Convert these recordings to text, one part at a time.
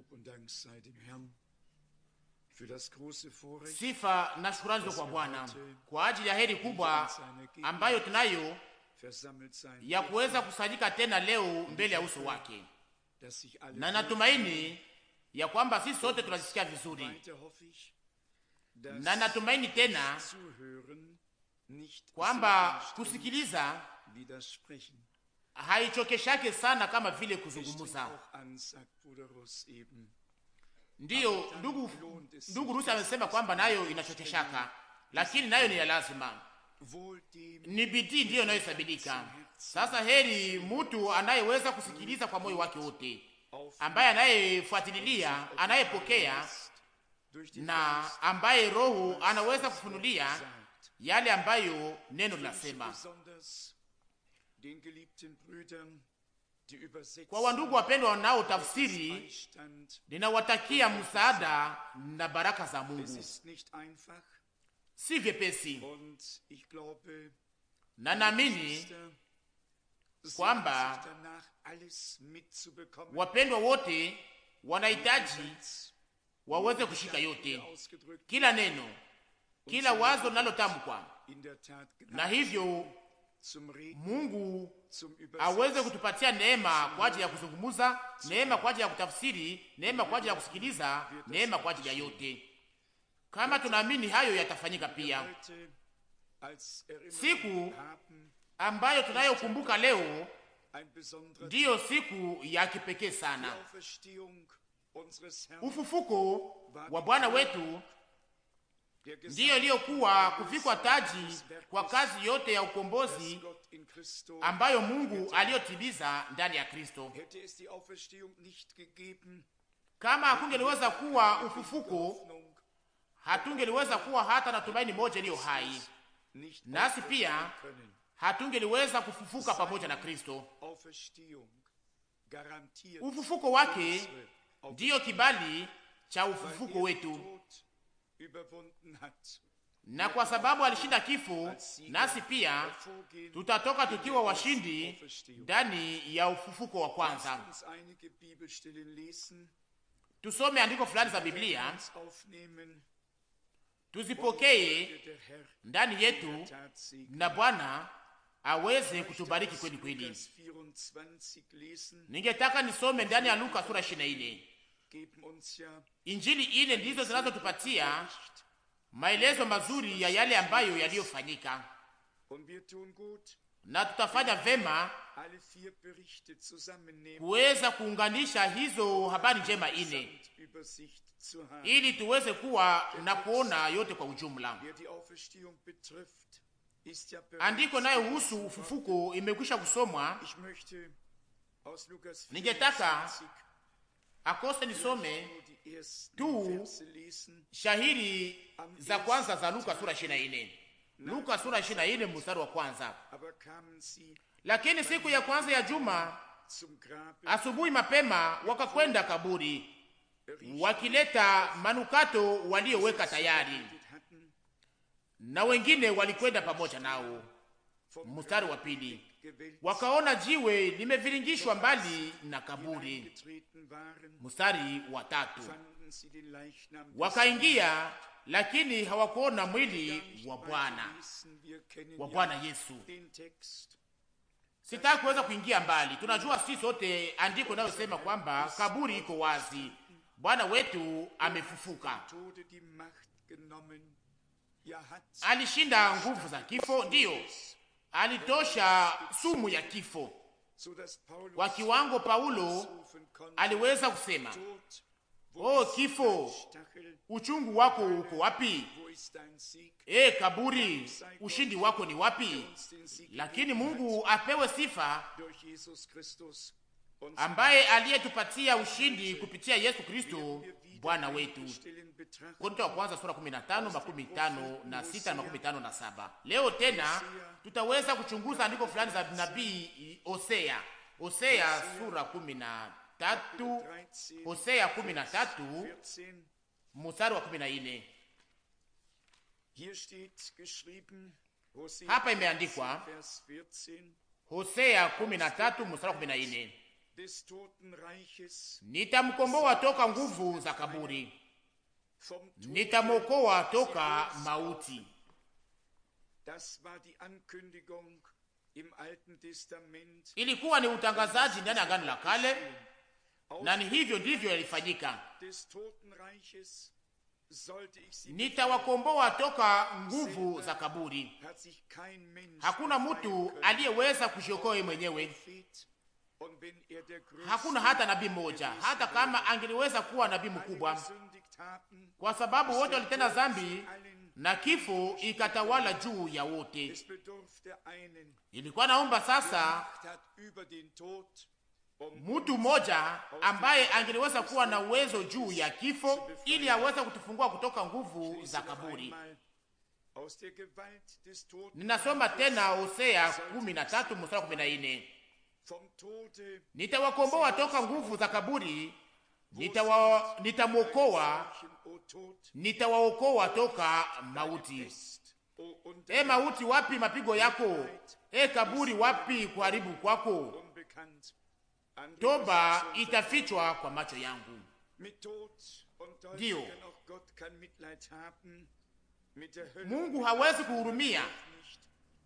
Lob und Dank sei dem Herrn für das große Vorrecht. Sifa na shukrani kwa Bwana kwa ajili ya heri kubwa ambayo tunayo ya kuweza kusanyika tena leo mbele ya uso wake, na natumaini ya kwamba sisi sote tunasikia vizuri, na natumaini tena kwamba kusikiliza haichokeshake sana kama vile kuzungumza. Ndiyo, ndugu ndugu Rusi amesema kwamba nayo inachokeshaka, lakini nayo ni ya lazima, ni bidii ndiyo inayosabidika. Sasa heri mtu anayeweza kusikiliza kwa moyo wake wote, ambaye anayefuatililia, anayepokea na ambaye Roho anaweza kufunulia yale ambayo neno linasema. Kwa wandugu wapendwa wanao tafsiri, ninawatakia msaada na baraka za Mungu. Si vyepesi, na naamini kwamba wapendwa wote wanahitaji waweze kushika yote, kila neno, kila wazo linalotamkwa, na hivyo Mungu aweze kutupatia neema kwa ajili ya kuzungumuza, neema kwa ajili ya kutafsiri, neema kwa ajili ya kusikiliza, neema kwa ajili ya yote. Kama tunaamini hayo yatafanyika pia. Siku ambayo tunayokumbuka leo ndiyo siku ya kipekee sana, ufufuko wa Bwana wetu ndiyo iliyokuwa kuvikwa taji kwa kazi yote ya ukombozi ambayo Mungu aliyotimiza ndani ya Kristo. Kama hakungeliweza kuwa ufufuko, hatungeliweza kuwa hata na tumaini moja iliyo hai, nasi pia hatungeliweza kufufuka pamoja na Kristo. Ufufuko wake ndiyo kibali cha ufufuko er wetu na kwa sababu alishinda kifo, nasi pia tutatoka tukiwa washindi ndani ya ufufuko wa kwanza. Tusome andiko fulani za Biblia, tuzipokee ndani yetu, na Bwana aweze kutubariki kweli kweli. Ningetaka nisome ndani ya Luka sura 24 Injili ile ndizo zinazotupatia maelezo mazuri ya yale ambayo yaliyofanyika, na tutafanya vema kuweza kuunganisha hizo habari njema ine ili tuweze kuwa na kuona yote kwa ujumla. Andiko nayo husu ufufuko imekwisha kusomwa. Ningetaka akose nisome tu shahiri za kwanza za Luka sura 24, Luka sura 24 mstari wa kwanza. Lakini siku ya kwanza ya juma asubuhi mapema wakakwenda kaburi wakileta manukato walioweka tayari, na wengine walikwenda pamoja nao. Mstari wa pili wakaona jiwe limeviringishwa mbali na kaburi. Mstari wa tatu, wakaingia lakini hawakuona mwili wa Bwana wa Bwana Yesu. Sitaki kuweza kuingia mbali, tunajua sisi sote andiko inayosema kwamba kaburi iko wazi, Bwana wetu amefufuka, alishinda nguvu za kifo, ndiyo alitosha sumu ya kifo kwa kiwango. Paulo aliweza kusema oh, kifo, uchungu wako uko wapi? E kaburi, ushindi wako ni wapi? Lakini Mungu apewe sifa ambaye aliyetupatia ushindi kupitia Yesu Kristo Bwana wetu. Korinto wa kwanza sura 15, makumi tano na sita, makumi tano na saba. Leo tena tutaweza kuchunguza andiko fulani za nabii Hosea. Hosea sura 13, Hosea 13 mstari wa 14. Hapa imeandikwa Hosea 13 mstari wa 14 nitamkomboa toka nguvu za kaburi, nitamwokoa toka mauti. Ilikuwa ni utangazaji ndani ya Agano la Kale, na ni hivyo ndivyo yalifanyika. Nitawakomboa toka nguvu za kaburi. Hakuna mtu aliyeweza kujiokoa mwenyewe, Hakuna hata nabii mmoja, hata kama angeliweza kuwa nabii mkubwa, kwa sababu wote walitenda zambi na kifo ikatawala juu ya wote. Ilikuwa naomba sasa mtu mmoja ambaye angeliweza kuwa na uwezo juu ya kifo, ili aweze kutufungua kutoka nguvu za kaburi. Ninasoma tena Hosea 13 mstari 14 nitawakomboa toka nguvu za kaburi, nitamwokoa, nitawaokoa toka mauti. E mauti, wapi mapigo yako? E kaburi, wapi kuharibu kwako? Toba itafichwa kwa macho yangu. Ndiyo, Mungu hawezi kuhurumia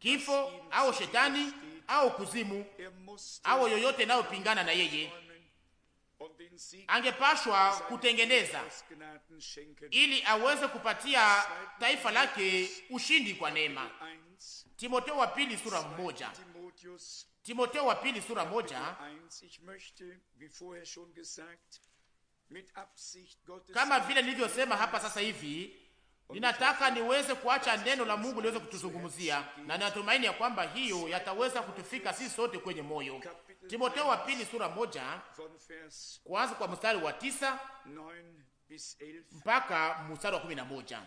kifo au shetani au kuzimu au yoyote inayopingana na yeye, angepashwa kutengeneza ili aweze kupatia taifa lake ushindi kwa neema. Timoteo wa pili sura moja. Timoteo wa pili sura moja. Kama vile nilivyosema hapa sasa hivi Ninataka niweze kuacha neno la Mungu liweze kutuzungumzia, na natumaini ya kwamba hiyo yataweza kutufika sisi sote kwenye moyo. Timoteo wa pili sura moja kuanza kwa mstari wa tisa mpaka mstari wa kumi na moja.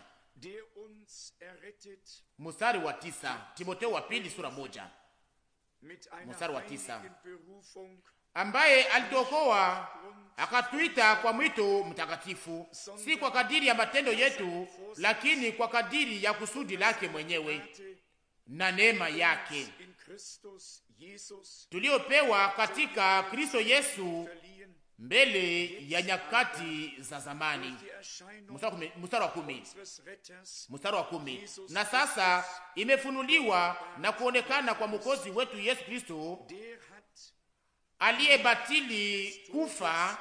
Mstari wa tisa, Timoteo wa pili sura moja mstari wa tisa ambaye alituokoa akatuita kwa mwito mtakatifu, si kwa kadiri ya matendo yetu, lakini kwa kadiri ya kusudi lake mwenyewe na neema yake tuliopewa katika Kristo Yesu mbele ya nyakati za zamani. Mstari wa kumi, mstari wa kumi. Na sasa imefunuliwa na kuonekana kwa mwokozi wetu Yesu Kristo aliyebatili kufa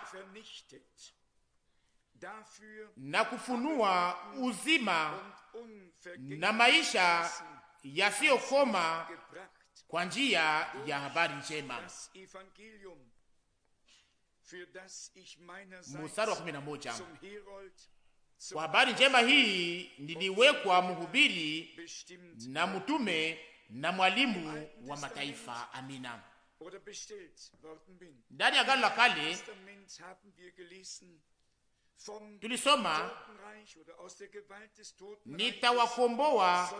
na kufunua uzima na maisha yasiyokoma kwa njia ya habari njema. Mstari wa kumi na moja. Kwa habari njema hii niliwekwa mhubiri na mtume na mwalimu wa mataifa. Amina. Ndani ya gano la Kale tulisoma, nitawakomboa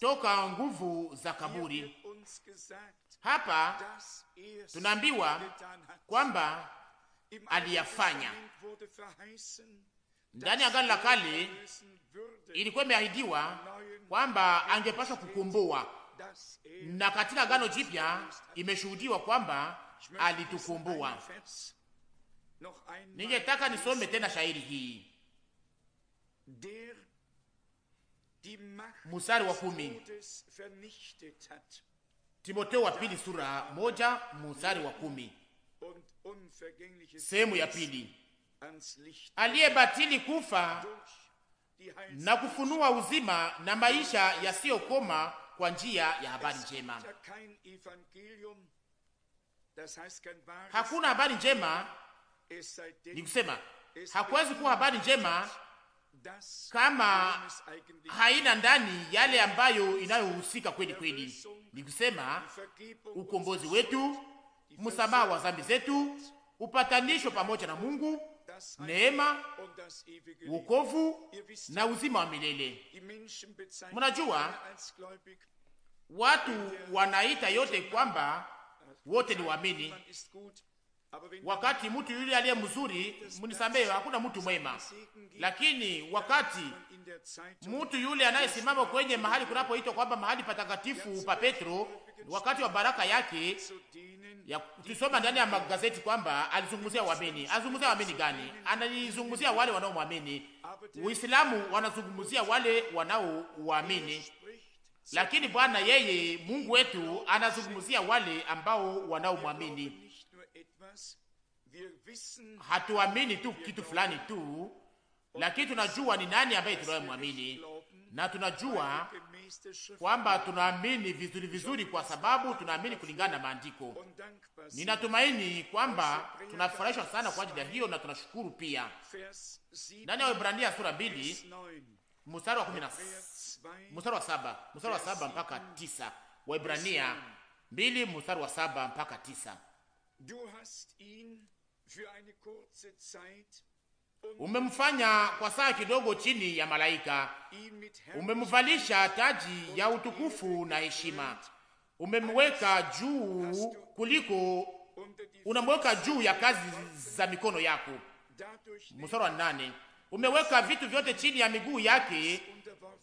toka nguvu za kaburi. Hapa er tunaambiwa kwamba aliyafanya ndani ya gano la er Kale. Ilikuwa imeahidiwa kwamba angepaswa kukomboa na katika gano Jipya imeshuhudiwa kwamba alitukomboa. Ningetaka nisome tena shairi hii, musari wa kumi, Timoteo wa pili sura moja musari wa kumi, sehemu ya pili, aliyebatili kufa na kufunua uzima na maisha yasiyokoma kwa njia ya habari njema. Hakuna habari njema, ni kusema hakuwezi kuwa habari njema kama haina ndani yale ambayo inayohusika kweli kweli, ni kusema ukombozi wetu, msamaha wa dhambi zetu, upatanisho pamoja na Mungu neema, wokovu na uzima wa milele. Mnajua watu wanaita yote kwamba wote ni waamini. Wakati mtu yule aliye mzuri, mnisamehe, hakuna mtu mwema, lakini wakati mtu yule anayesimama kwenye mahali kunapoitwa kwamba mahali patakatifu pa Petro, wakati wa baraka yake ya tusoma ndani ya magazeti kwamba alizungumzia waamini. Azungumzia waamini gani? Analizungumzia wale wanaomwamini. Uislamu wanazungumzia wale wanaoamini, lakini Bwana yeye Mungu wetu anazungumzia wale ambao wanaomwamini. Hatuamini tu kitu fulani tu, lakini tunajua ni nani ambaye tunayemwamini na tunajua kwamba tunaamini vizuri vizuri, kwa sababu tunaamini kulingana na maandiko. Ninatumaini kwamba tunafurahishwa sana kwa ajili ya hiyo, na tunashukuru pia. Ndani ya Waebrania sura mbili mstari wa kumi na mstari wa saba mstari wa saba mpaka tisa Waebrania mbili mstari wa saba mpaka tisa. Umemfanya kwa saa kidogo chini ya malaika, umemvalisha taji ya utukufu na heshima, umemweka juu kuliko, unamweka juu ya kazi za mikono yako. Mstari wa nane, umeweka vitu vyote chini ya miguu yake,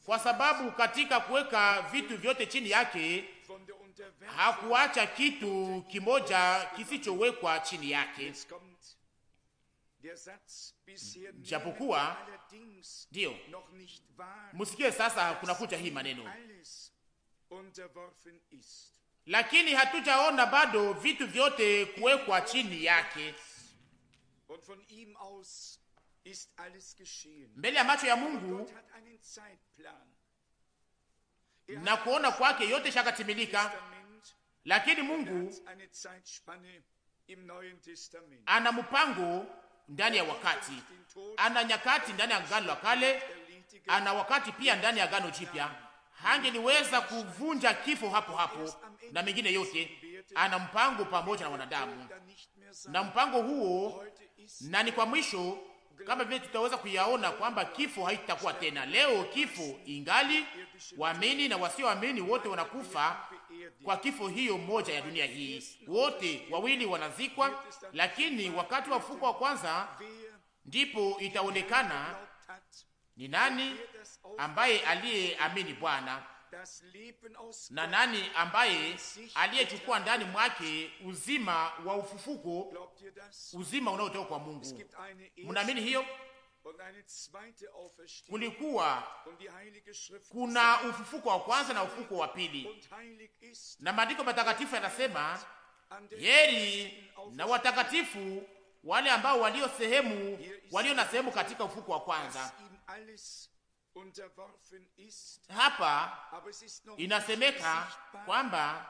kwa sababu katika kuweka vitu vyote chini yake hakuacha kitu kimoja kisichowekwa chini yake. Mm, japokuwa ndiyo, msikie sasa, kunakuja hii maneno lakini hatujaona bado vitu vyote kuwekwa chini yake mbele ya macho ya Mungu er na kuona kwake yote shakatimilika. Lakini er Mungu ana mpango ndani ya wakati, ana nyakati ndani ya gano la Kale, ana wakati pia ndani ya gano Jipya. Hangeliweza kuvunja kifo hapo hapo na mengine yote. Ana mpango pamoja na wanadamu na mpango huo, na ni kwa mwisho kama vile tutaweza kuyaona kwamba kifo haitakuwa tena. Leo kifo ingali, waamini na wasioamini wote wanakufa kwa kifo hiyo moja ya dunia hii. Wote wawili wanazikwa, lakini wakati wa ufuko wa kwanza ndipo itaonekana ni nani ambaye aliyeamini Bwana na nani ambaye aliyechukua ndani mwake uzima wa ufufuko, uzima unaotoka kwa Mungu. Mnaamini hiyo? kulikuwa kuna ufufuko wa kwanza na ufufuko wa pili, na maandiko matakatifu yanasema heri na watakatifu wale ambao walio sehemu walio na sehemu katika ufufuko wa kwanza. Hapa inasemeka kwamba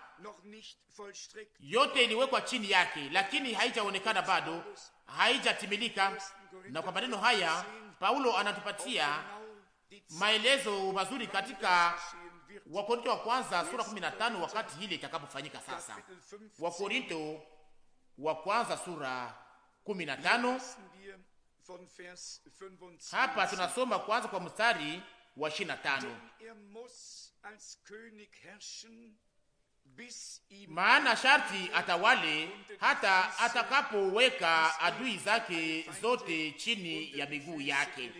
yote iliwekwa chini yake, lakini haijaonekana bado, haijatimilika. Na kwa maneno haya Paulo anatupatia maelezo mazuri katika Wakorinto wa kwanza sura 15 wakati hili itakapofanyika sasa. Wakorinto wa kwanza sura 15 hapa tunasoma kwanza kwa mstari wa 25. maana sharti atawale hata atakapoweka adui zake zote chini ya miguu yake.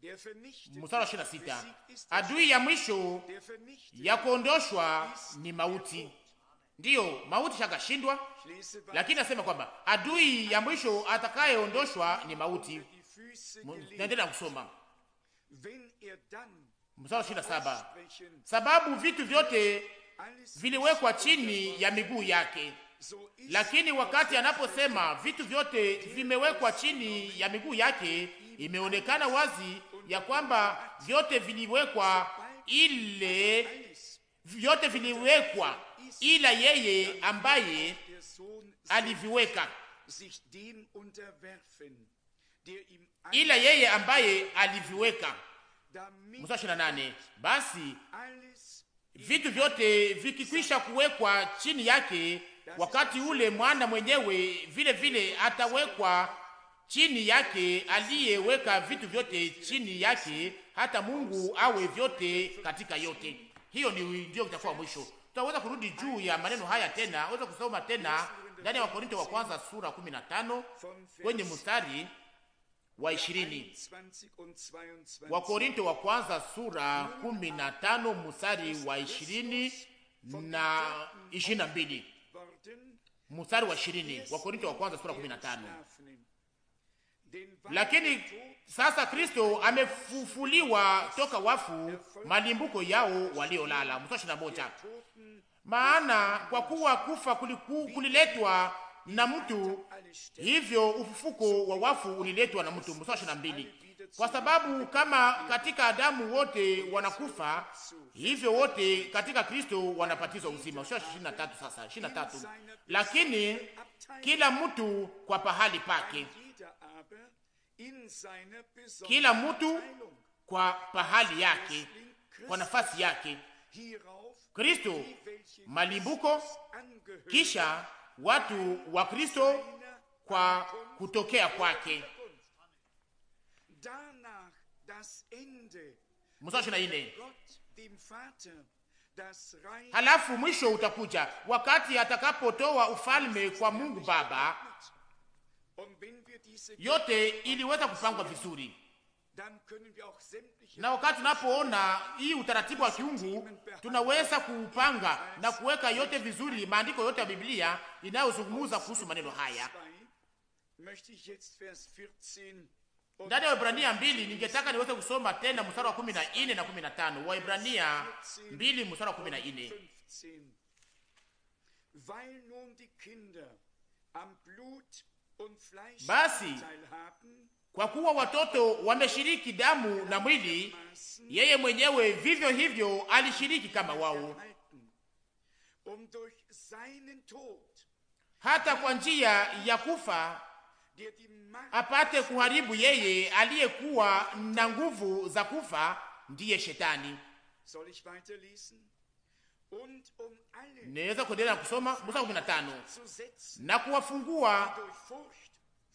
Mstari ishirini na sita adui ya mwisho ya kuondoshwa ni mauti ndiyo mauti shakashindwa, lakini nasema kwamba adui ya mwisho atakayeondoshwa ni mauti. Naendelea kusoma mstari ishirini na saba sababu vitu vyote viliwekwa chini ya miguu yake. Lakini wakati anaposema vitu vyote vimewekwa chini ya miguu yake, imeonekana wazi ya kwamba vyote viliwekwa ile, vyote viliwekwa ila yeye ambaye aliviweka, ila yeye ambaye aliviweka. Mstari nane, basi vitu vyote vikikwisha kuwekwa chini yake wakati ule mwana mwenyewe vile vile atawekwa chini yake, aliyeweka vitu vyote chini yake, hata Mungu awe vyote katika yote. Hiyo ni ndio itakuwa mwisho. Tutaweza kurudi juu ya maneno haya tena, weza kusoma tena ndani ya Wakorinto wa kwanza sura 15 kwenye mstari wa 20. Wakorinto wa kwanza sura 15 mstari wa 20 na 22. Mstari wa 20. Wakorinto wa kwanza sura 15. Lakini sasa Kristo amefufuliwa toka wafu, malimbuko yao waliolala. Mstari ishirini na moja. Maana kwa kuwa kufa kuliku, kuliletwa na mtu, hivyo ufufuko wa wafu uliletwa na mtu. Mstari ishirini na mbili. Kwa sababu kama katika Adamu wote wanakufa, hivyo wote katika Kristo wanapatizwa uzima. Ishirini na tatu. Sasa tatu, lakini kila mtu kwa pahali pake kila mtu kwa pahali yake, kwa nafasi yake. Kristo malimbuko, kisha watu wa Kristo kwa kutokea kwake. Halafu mwisho utakuja wakati atakapotoa ufalme kwa Mungu Baba yote iliweza kupangwa vizuri, na wakati tunapoona hii utaratibu wa kiungu tunaweza kuupanga na kuweka yote vizuri, maandiko yote ya Biblia inayozungumza kuhusu maneno haya ndani ya Waibrania mbili ningetaka niweze kusoma tena mstari wa kumi na nne na kumi na tano Waebrania mbili mstari wa kumi na nne basi kwa kuwa watoto wameshiriki damu na mwili, yeye mwenyewe vivyo hivyo alishiriki kama wao, hata kwa njia ya kufa apate kuharibu yeye aliyekuwa na nguvu za kufa, ndiye Shetani. Um Naweza kuendelea na kusoma mstari kumi na kuwafungua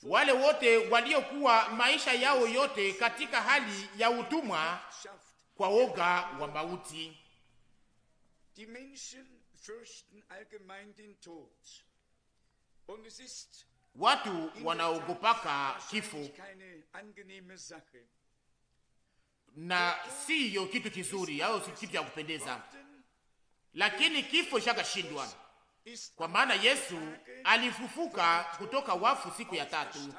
wale wote waliokuwa maisha yao yote katika hali ya utumwa kwa woga wa mauti. Watu wanaogopaka kifo na siyo kitu kizuri au si kitu cha kupendeza lakini kifo ishakashindwa, kwa maana Yesu alifufuka kutoka wafu siku ya tatu,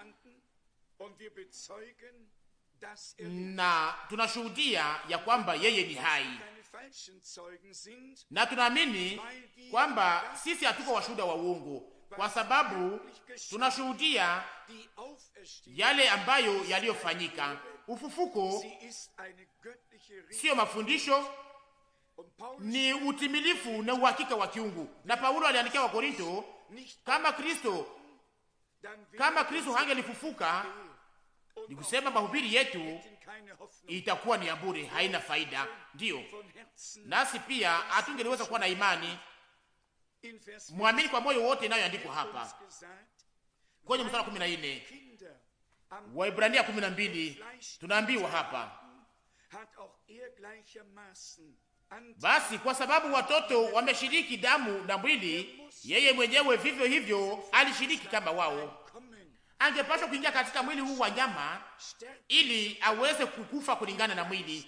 er na tunashuhudia ya kwamba yeye ni hai, na tunaamini kwamba sisi hatuko washuhuda wa uongo, kwa sababu tunashuhudia yale ambayo yaliyofanyika. Ufufuko siyo mafundisho ni utimilifu na uhakika wa kiungu. Na Paulo aliandikia Wakorinto, kama Kristo kama Kristo hangelifufuka ni kusema mahubiri yetu itakuwa ni ya bure, haina faida. Ndiyo, nasi pia hatungeliweza kuwa na imani. Mwamini kwa moyo wote, inayoandikwa hapa kwenye mstari wa kumi na nne Waibrania kumi na mbili tunaambiwa hapa basi kwa sababu watoto wameshiriki damu na mwili, yeye mwenyewe vivyo hivyo alishiriki kama wao. Angepaswa kuingia katika mwili huu wa nyama ili aweze kukufa kulingana na mwili,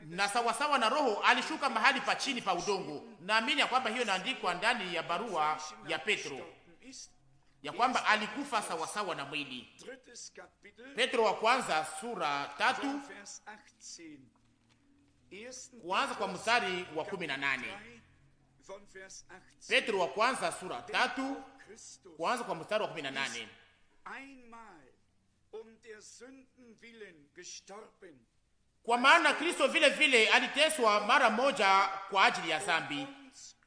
na sawasawa na roho alishuka mahali pa chini pa udongo. Naamini ya kwamba hiyo inaandikwa ndani ya barua ya Petro ya kwamba alikufa sawasawa na mwili. Petro wa kwanza sura tatu kuanza kwa mstari wa kumi na nane. Petro wa kwanza sura tatu kuanza kwa mstari wa kumi na nane. Kwa maana Kristo vile vile aliteswa mara moja kwa ajili ya zambi,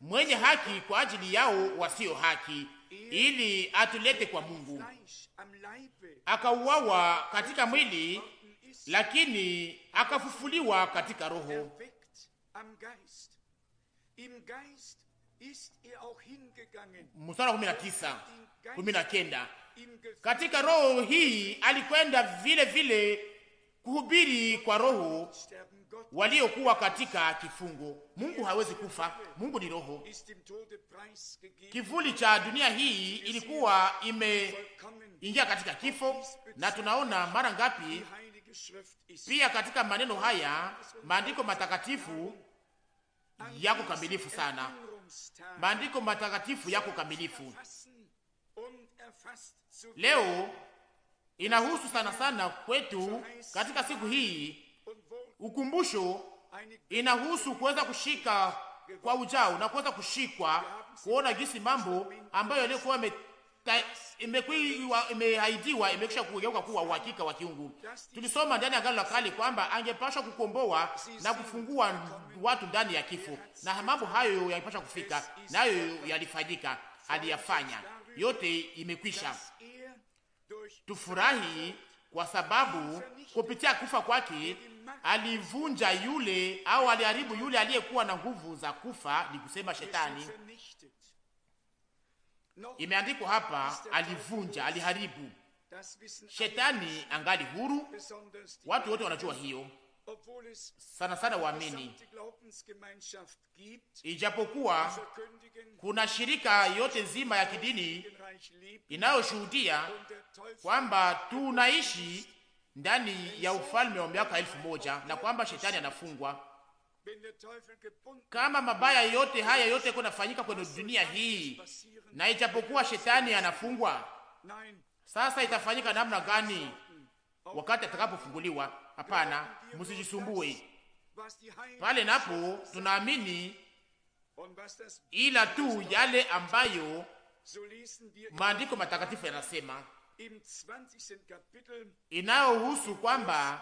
mwenye haki kwa ajili yao wasio haki ili atulete kwa Mungu, akauawa katika mwili, lakini akafufuliwa katika roho. Mstari wa 19 kenda katika roho hii alikwenda vile vile kuhubiri kwa roho waliokuwa katika kifungo. Mungu hawezi kufa, Mungu ni roho. Kivuli cha dunia hii ilikuwa imeingia katika kifo, na tunaona mara ngapi pia katika maneno haya maandiko matakatifu yako kamilifu sana, maandiko matakatifu yako kamilifu. Leo inahusu sana sana kwetu katika siku hii Ukumbusho inahusu kuweza kushika kwa ujao na kuweza kushikwa, kuona jinsi mambo ambayo yaliyokuwa imehaidiwa imekwisha kugeuka kuwa uhakika wa kiungu. Tulisoma ndani ya Agano la Kale kwamba angepashwa kukomboa na kufungua watu ndani ya kifo, na mambo hayo yalipashwa kufika, nayo yalifanyika, aliyafanya yote, imekwisha. Tufurahi kwa sababu kupitia kufa kwake alivunja yule au aliharibu yule aliyekuwa na nguvu za kufa, ni kusema Shetani. Imeandikwa hapa, alivunja, aliharibu. Shetani angali huru, watu wote wanajua hiyo sana sana waamini, ijapokuwa kuna shirika yote nzima ya kidini inayoshuhudia kwamba tunaishi ndani ya ufalme wa miaka elfu moja na kwamba shetani anafungwa. Kama mabaya yote haya yote yako nafanyika kwenye dunia hii, na ijapokuwa shetani anafungwa, sasa itafanyika namna gani wakati atakapofunguliwa? Hapana, msijisumbue pale napo. Tunaamini ila tu yale ambayo maandiko matakatifu yanasema inayohusu kwamba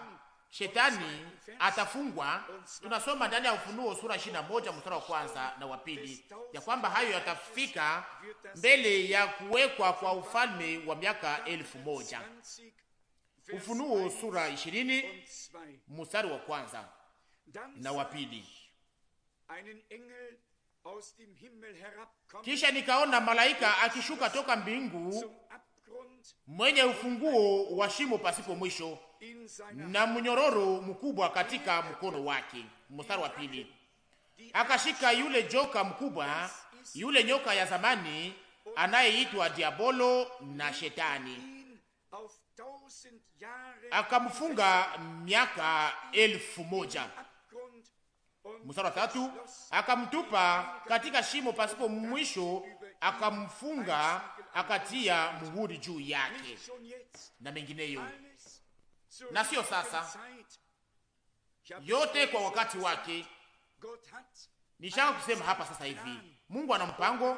shetani atafungwa. Tunasoma ndani ya Ufunuo sura ishirini na moja mstari wa kwanza na wa pili ya kwamba hayo yatafika mbele ya kuwekwa kwa ufalme wa miaka elfu moja. Ufunuo sura ishirini mstari wa kwanza na wa pili. Kisha nikaona malaika akishuka toka mbingu mwenye ufunguo wa shimo pasipo mwisho na mnyororo mkubwa katika mkono wake. Mstari wa pili, akashika yule joka mkubwa, yule nyoka ya zamani anayeitwa Diabolo na Shetani, akamfunga miaka elfu moja. Mstari wa tatu, akamtupa katika shimo pasipo mwisho akamfunga akatia muhuri juu yake na mengineyo, na sio sasa, yote kwa wakati wake. Nishaka kusema hapa sasa hivi, Mungu ana mpango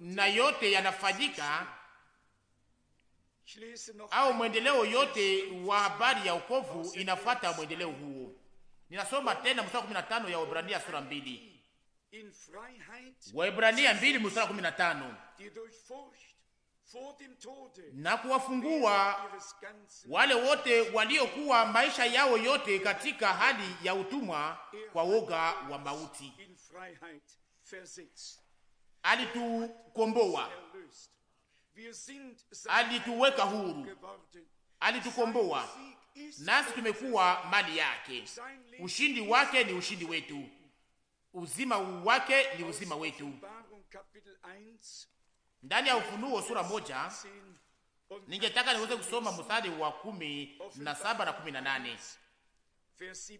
na yote yanafanyika, au mwendeleo yote wa habari ya ukovu inafuata mwendeleo huo. Ninasoma tena mstari wa 15 ya Waebrania sura mbili. Waebrania mbili mstari kumi na na kuwafungua wale wote waliokuwa maisha yao yote katika hali ya utumwa kwa woga wa mauti. Alitukomboa, er alituweka huru, alitukomboa, nasi tumekuwa mali yake. Ushindi wake ni ushindi wetu uzima wake ni uzima wetu. Ndani ya Ufunuo sura moja ningetaka niweze kusoma mstari wa kumi na saba na kumi na nane.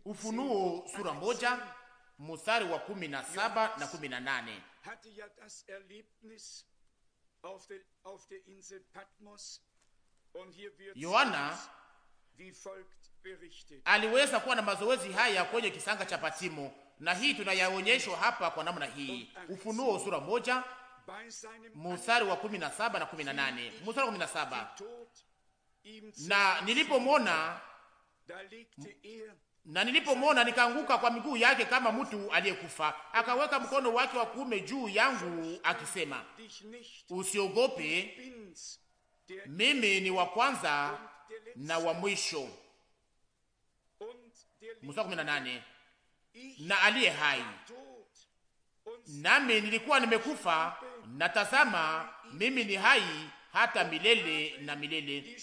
Ufunuo sura moja mstari wa kumi na saba na kumi na nane. Yohana aliweza kuwa na mazoezi haya kwenye kisanga cha Patimo na hii tunayaonyeshwa hapa kwa namna hii. Ufunuo sura moja mstari wa kumi na saba na kumi na nane mstari wa kumi na saba na nilipomwona na nilipomwona nikaanguka kwa miguu yake kama mtu aliyekufa. Akaweka mkono wake wa kuume juu yangu akisema, usiogope, mimi ni wa kwanza na wa mwisho. Mstari kumi na nane na aliye hai. Nami nilikuwa nimekufa, na tazama, mimi ni hai hata milele na milele,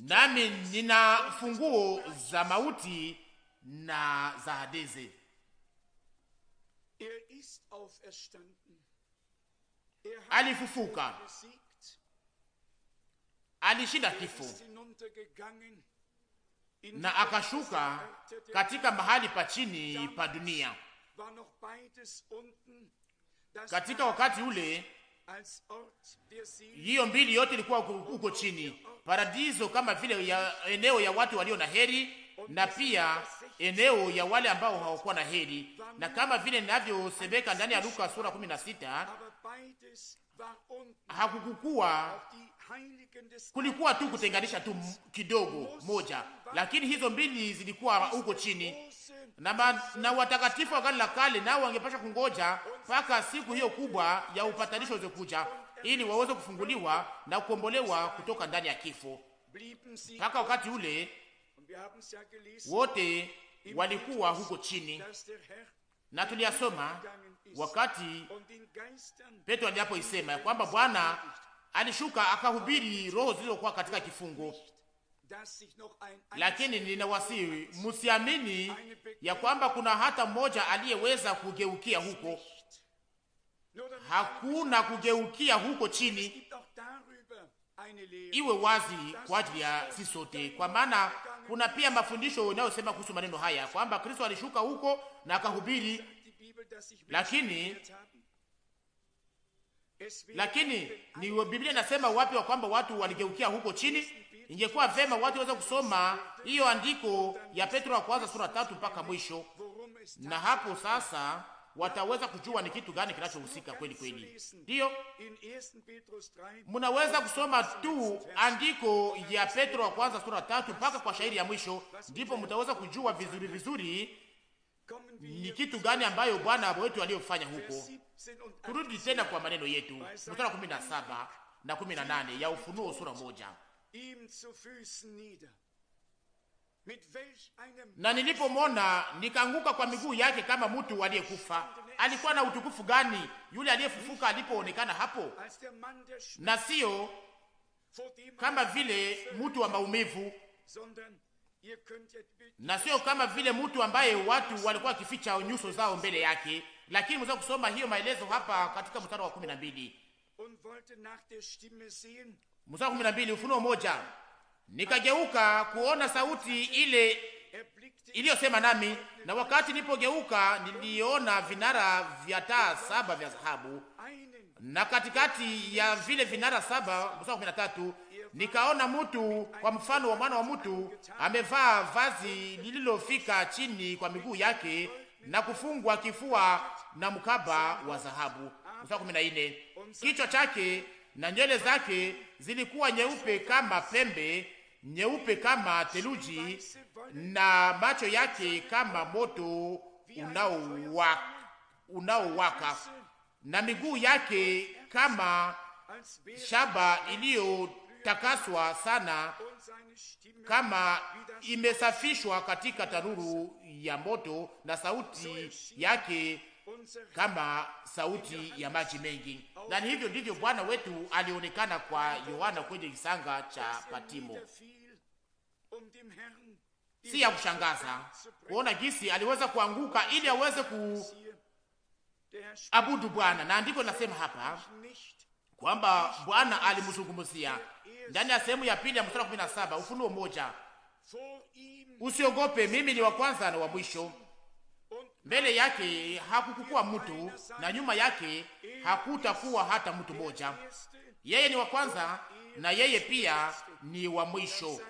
nami nina funguo za mauti na za Hadeze. Er er Alifufuka, alishinda kifo er na akashuka katika mahali pa chini pa dunia. Katika wakati ule hiyo mbili yote ilikuwa huko chini, paradiso kama vile ya eneo ya watu walio na heri na pia eneo ya wale ambao hawakuwa na heri, na kama vile ninavyosemeka ndani ya Luka sura 16 hakukukuwa kulikuwa tu kutenganisha tu kidogo moja, lakini hizo mbili zilikuwa huko chini na, ma, na watakatifu wa la kale nao wangepasha kungoja mpaka siku hiyo kubwa ya upatanisho weze kuja ili waweze kufunguliwa na kuombolewa kutoka ndani ya kifo. Mpaka wakati ule wote walikuwa huko chini, na tuliyasoma wakati Petro aliapo isema ya kwamba Bwana alishuka akahubiri roho zilizokuwa katika kifungo. Lakini ninawasihi msiamini ya kwamba kuna hata mmoja aliyeweza kugeukia huko. Hakuna kugeukia huko chini, iwe wazi kwa ajili ya sisi sote, kwa maana kuna pia mafundisho yanayosema kuhusu maneno haya kwamba Kristo alishuka huko na akahubiri, lakini lakini ni Biblia inasema wapi wa kwamba watu waligeukia huko chini? Ingekuwa vema watu waweza kusoma hiyo andiko ya Petro wa kwanza sura tatu mpaka mwisho, na hapo sasa wataweza kujua ni kitu gani kinachohusika kweli kweli. Ndiyo, munaweza kusoma tu andiko ya Petro wa kwanza sura tatu mpaka kwa shairi ya mwisho, ndipo mutaweza kujua vizuri vizuri ni kitu gani ambayo Bwana wetu aliyofanya huko. Turudi tena kwa maneno yetu mstari wa kumi na saba na kumi na nane ya Ufunuo sura moja na nilipomwona nikaanguka kwa miguu yake kama mtu aliyekufa. Alikuwa na utukufu gani yule aliyefufuka alipoonekana hapo, na sio kama vile mtu wa maumivu na sio kama vile mtu ambaye watu walikuwa wakificha nyuso zao mbele yake. Lakini mweza kusoma hiyo maelezo hapa katika mstari wa kumi na mbili mstari wa kumi na mbili Ufunuo moja, nikageuka kuona sauti ile er iliyosema nami, na wakati nilipogeuka niliona vinara vya taa saba vya dhahabu, na katikati ya vile vinara saba, mstari wa kumi na tatu nikaona mtu kwa mfano wa mwana wa mtu amevaa vazi lililofika chini kwa miguu yake na kufungwa kifua na mkaba wa dhahabu. kumi na nne. Kichwa chake na nywele zake zilikuwa nyeupe kama pembe nyeupe kama theluji, na macho yake kama moto unaowaka unaowaka, na miguu yake kama shaba iliyo takaswa sana kama imesafishwa katika tanuru ya moto, na sauti yake kama sauti ya maji mengi. Na ni hivyo ndivyo Bwana wetu alionekana kwa Yohana kwenye kisanga cha Patimo. Si ya kushangaza kuona jinsi aliweza kuanguka ili aweze kuabudu Bwana, na andiko linasema hapa kwamba Bwana alimzungumzia ndani ya sehemu ya pili ya mstari wa kumi na saba Ufunuo moja. Usiogope, mimi ni wa kwanza na wa mwisho. Mbele yake hakukukuwa mtu na nyuma yake hakutakuwa hata mtu mmoja. Yeye ni wa kwanza na yeye pia ni wa mwisho.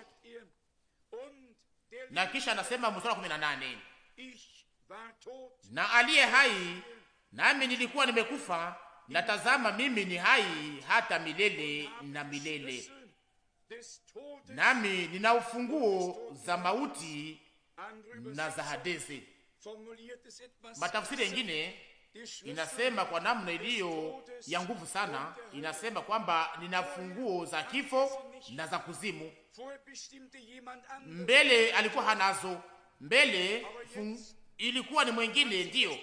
Na kisha anasema mstari wa nane na aliye hai nami nilikuwa nimekufa, natazama mimi ni hai hata milele na milele, nami nina ufunguo za mauti na za Hadesi. Matafsiri yengine inasema kwa namna iliyo ya nguvu sana, inasema kwamba nina funguo za kifo na za kuzimu. Mbele alikuwa hanazo, mbele fung... ilikuwa ni mwengine, ndio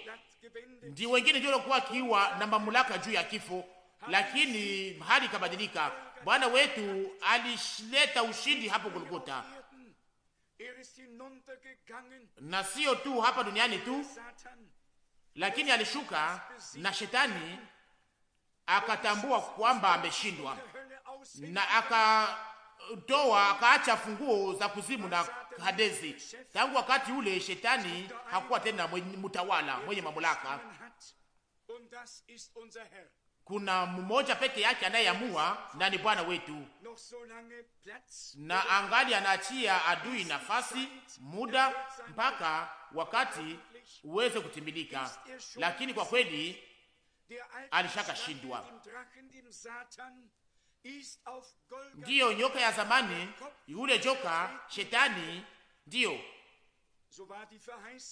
ndi wengine ndio walikuwa akiwa na mamlaka juu ya kifo, lakini hali ikabadilika Bwana wetu alileta ushindi hapo Golgota, na sio tu hapa duniani tu, lakini alishuka na shetani akatambua kwamba ameshindwa, na akatoa akaacha funguo za kuzimu na Hadezi. Tangu wakati ule shetani hakuwa tena mwenye mtawala, mwenye mamlaka kuna mmoja peke yake anayeamua na ni Bwana wetu, na angali anaachia adui nafasi muda mpaka wakati uweze kutimilika, lakini kwa kweli alishaka shindwa. Ndiyo nyoka ya zamani, yule joka shetani, ndiyo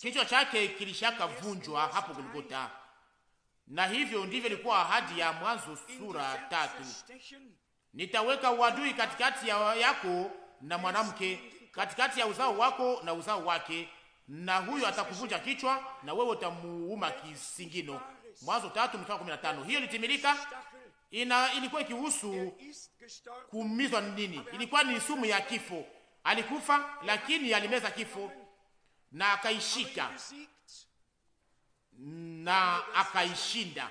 kichwa chake kilishaka vunjwa hapo Golgotha na hivyo ndivyo ilikuwa ahadi ya Mwanzo sura tatu: nitaweka uadui katikati ya yako na mwanamke, katikati ya uzao wako na uzao wake, na huyo atakuvunja kichwa na wewe utamuuma kisingino. Mwanzo tatu mstari kumi na tano. Hiyo ilitimilika. Ina, ilikuwa ikihusu kuumizwa nini? Ilikuwa ni sumu ya kifo. Alikufa lakini alimeza kifo na akaishika na akaishinda.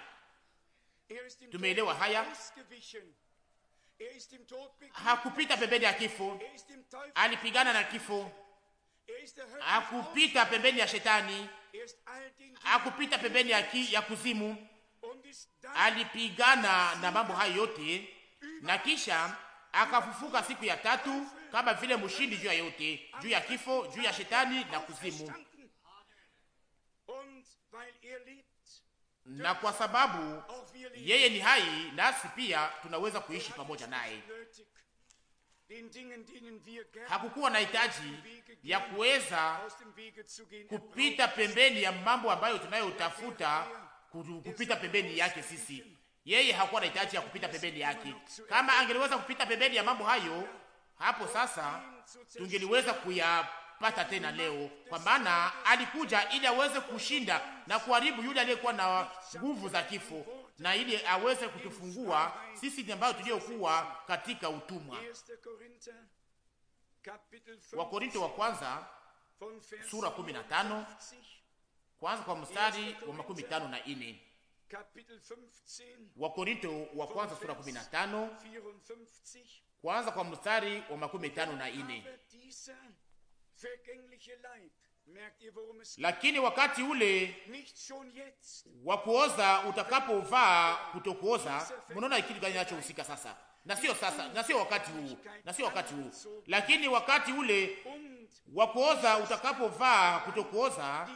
Tumeelewa haya. Hakupita pembeni ya kifo, alipigana na kifo. Hakupita pembeni ya shetani, hakupita pembeni ya, ki, ya kuzimu. Alipigana na mambo hayo yote na kisha akafufuka siku ya tatu kama vile mshindi juu ya yote, juu ya kifo, juu ya shetani na kuzimu. na kwa sababu yeye ni hai, nasi pia tunaweza kuishi pamoja naye. Hakukuwa na hitaji ya kuweza kupita pembeni ya mambo ambayo tunayotafuta kupita pembeni yake. Sisi yeye hakuwa na hitaji ya kupita pembeni yake. Kama angeliweza kupita pembeni ya mambo hayo, hapo sasa tungeliweza kuya pata tena leo, kwa maana alikuja ili aweze kushinda na kuharibu yule aliyekuwa na nguvu za kifo na ili aweze kutufungua sisi ambao tuliokuwa katika utumwa. Wakorinto wa kwanza sura 15 kwanza kwa mstari wa makumi tano na ine. Wakorinto wa kwanza sura 15 kwanza kwa mstari wa makumi tano na ine. Lakini wakati ule wa kuoza utakapovaa kutokuoza, mnaona kitu gani kinachohusika sasa, na sio sasa, na sio wakati huu, na sio wakati huu. Lakini wakati ule wa kuoza utakapovaa kutokuoza,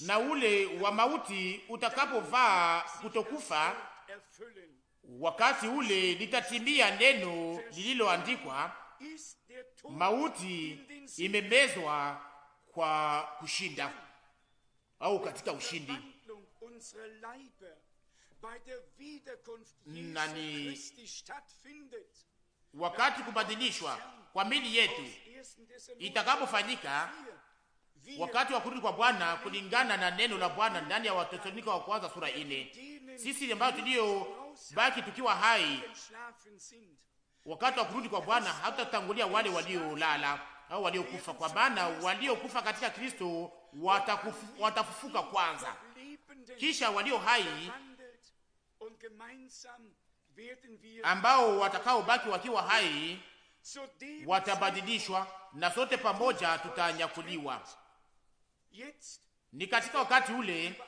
na ule wa mauti utakapovaa kutokufa, wakati ule litatimia neno lililoandikwa, mauti imemezwa kwa kushinda au katika ushindi nani wakati kubadilishwa kwa mili yetu itakapofanyika wakati wa kurudi kwa Bwana kulingana na neno la Bwana ndani ya Watesalonika wa kwanza sura ine. Sisi ambayo baki tukiwa hai wakati wa kurudi kwa Bwana hatutatangulia wale waliolala au waliokufa, kwa maana waliokufa katika Kristo watakufu, watafufuka kwanza, kisha walio hai ambao watakaobaki wakiwa hai watabadilishwa, na sote pamoja tutanyakuliwa. Ni katika wakati ule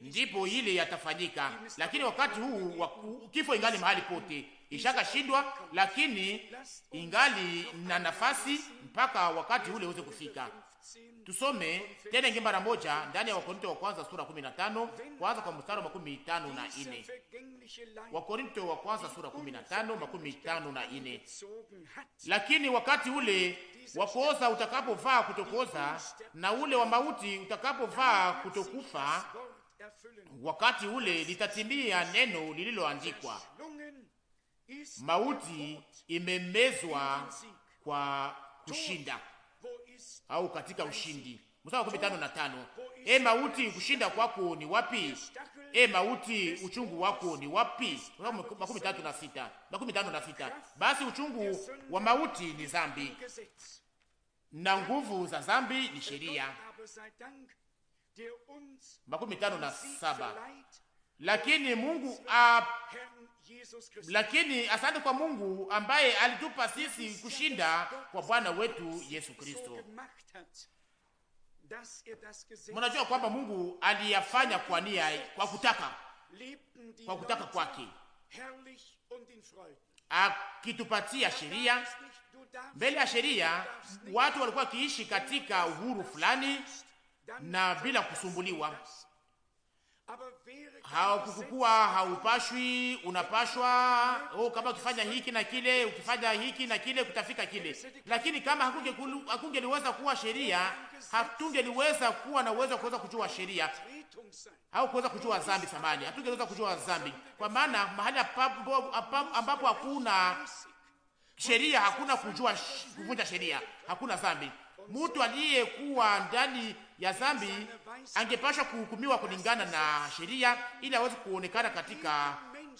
ndipo ile yatafanyika, lakini wakati huu kifo ingali mahali pote ishaka shindwa, lakini ingali na nafasi mpaka wakati ule uweze kufika. Tusome tena ingi mara moja ndani ya Wakorinto wa kwanza sura 15 kwanza kwa mstari wa 15 na 4. Wakorinto wa kwanza sura 15 15 na 4: lakini wakati ule wa kuoza utakapovaa kutokoza, na ule wa mauti utakapovaa kutokufa, wakati ule litatimia neno lililoandikwa mauti imemezwa kwa kushinda au katika ushindi. Mstari wa kumi tano na tano. E mauti, kushinda kwako ni wapi? E mauti, uchungu wako ni wapi? makumi tatu na sita, makumi tano na sita. Basi uchungu wa mauti ni zambi na nguvu za zambi ni sheria. makumi tano na saba. Lakini Mungu a lakini asante kwa Mungu ambaye alitupa sisi kushinda kwa Bwana wetu Yesu Kristo. Mnajua kwamba Mungu aliyafanya kwa nia, kwa kutaka, kwa kutaka kwake, akitupatia sheria. Mbele ya sheria watu walikuwa wakiishi katika uhuru fulani na bila kusumbuliwa haukukukuwa haupashwi, unapashwa oh, kama ukifanya hiki na kile, ukifanya hiki na kile kutafika kile. Lakini kama hakungeliweza kuwa sheria, hatungeliweza kuwa na uwezo wa kuweza kujua sheria au kuweza kujua dhambi. Samani, hatungeweza kujua dhambi, kwa maana mahali ambapo hakuna sheria, hakuna kujua kuvunja sheria, hakuna dhambi. Mtu aliyekuwa ndani ya dhambi angepasha kuhukumiwa kulingana na sheria ili aweze kuonekana katika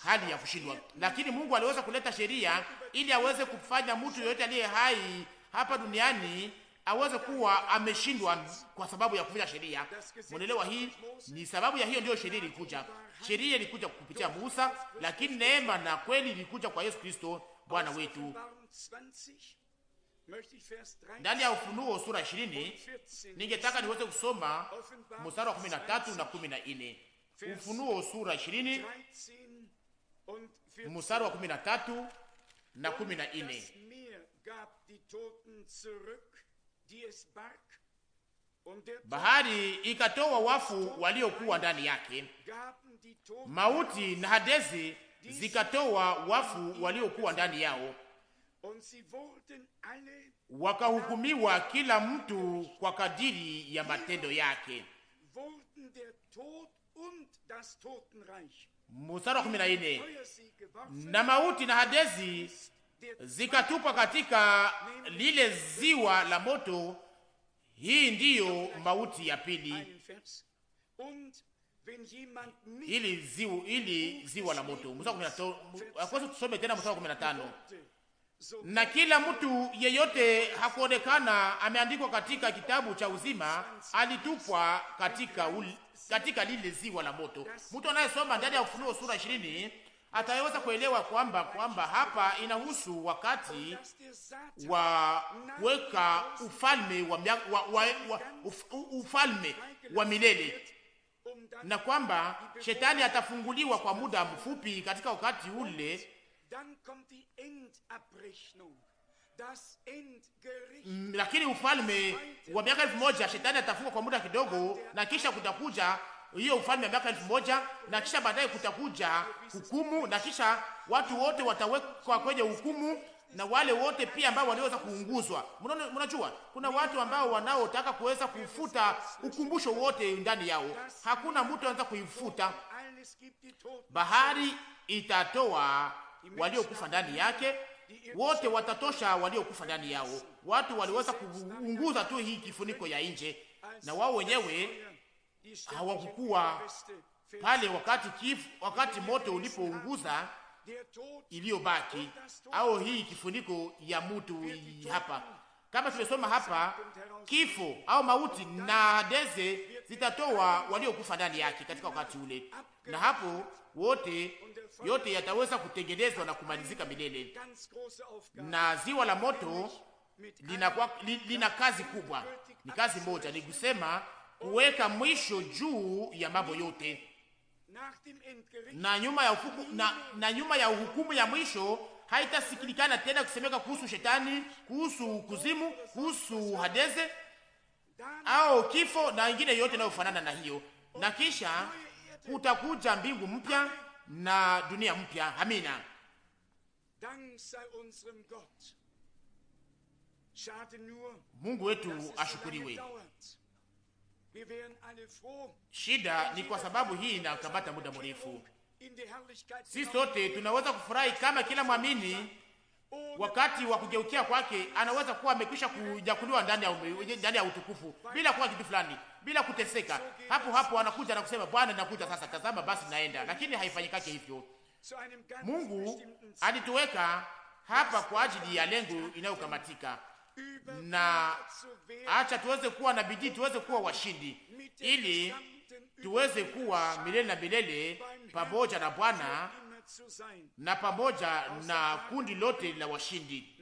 hali ya kushindwa, lakini Mungu aliweza kuleta sheria ili aweze kufanya mtu yoyote aliye hai hapa duniani aweze kuwa ameshindwa kwa sababu ya kuvunja sheria. Mwelewa, hii ni sababu ya hiyo, ndiyo sheria ilikuja. Sheria ilikuja kupitia Musa, lakini neema na kweli ilikuja kwa Yesu Kristo Bwana wetu ndani ya Ufunuo sura ishirini ningetaka niweze kusoma mstari wa kumi na tatu na kumi na nne. Ufunuo sura ishirini mstari wa kumi na tatu na kumi na nne. Bahari ikatoa wafu waliokuwa ndani yake, mauti na hadezi zikatoa wafu waliokuwa ndani yao wakahukumiwa kila mtu kwa kadiri ya matendo yake. Musara kumi na ine na mauti na hadezi zikatupwa katika lile ziwa la moto. Hii ndiyo mauti ya pili, ili ziwa la moto. Tusome tena musara kumi na tano na kila mtu yeyote hakuonekana ameandikwa katika kitabu cha uzima, alitupwa katika uli, katika lile ziwa la moto. Mtu anayesoma ndani ya Ufunuo sura ishirini ataweza kuelewa kwamba kwamba hapa inahusu wakati wa kuweka ufalme wa, wa, wa, wa uf, ufalme wa milele na kwamba shetani atafunguliwa kwa muda mfupi katika wakati ule Mm, lakini ufalme wa miaka elfu moja shetani atafunga kwa muda kidogo, na kisha kutakuja hiyo ufalme wa miaka elfu moja na kisha baadaye kutakuja hukumu, na kisha watu wote watawekwa kwenye hukumu na wale wote pia ambao waliweza kuunguzwa. Mnajua kuna watu ambao wanaotaka kuweza kufuta ukumbusho wote ndani yao, hakuna mtu anaweza kuifuta. Bahari itatoa waliokufa ndani yake, wote watatosha waliokufa ndani yao. Watu waliweza kuunguza tu hii kifuniko ya nje, na wao wenyewe hawakukuwa pale wakati kif, wakati moto ulipounguza iliyobaki au hii kifuniko ya mtu hapa, kama tumesoma hapa, kifo au mauti na deze zitatoa waliokufa ndani yake katika wakati ule, na hapo wote yote yataweza kutengenezwa na kumalizika milele, na ziwa la moto lina, kwa, li, lina kazi kubwa. Ni kazi moja, ni kusema kuweka mwisho juu ya mambo yote na nyuma ya hukumu, na, na nyuma ya hukumu ya mwisho haitasikilikana tena kusemeka kuhusu shetani, kuhusu kuzimu, kuhusu hadeze au kifo na ingine yote inayofanana na hiyo, na kisha kutakuja mbingu mpya na dunia mpya. Amina. Mungu wetu ashukuriwe. Shida ni kwa sababu hii inakamata muda mrefu. Sisi sote tunaweza kufurahi kama kila mwamini wakati wa kugeukia kwake anaweza kuwa amekwisha kunyakuliwa ndani ya ndani ya utukufu bila kuwa kitu fulani, bila kuteseka. Hapo hapo anakuja na kusema, Bwana, nakuja sasa, tazama basi naenda. Lakini haifanyikake hivyo. Mungu alituweka hapa kwa ajili ya lengo inayokamatika, na acha tuweze kuwa na bidii, tuweze kuwa washindi, ili tuweze kuwa milele na milele pamoja na Bwana na pamoja na kundi lote la washindi.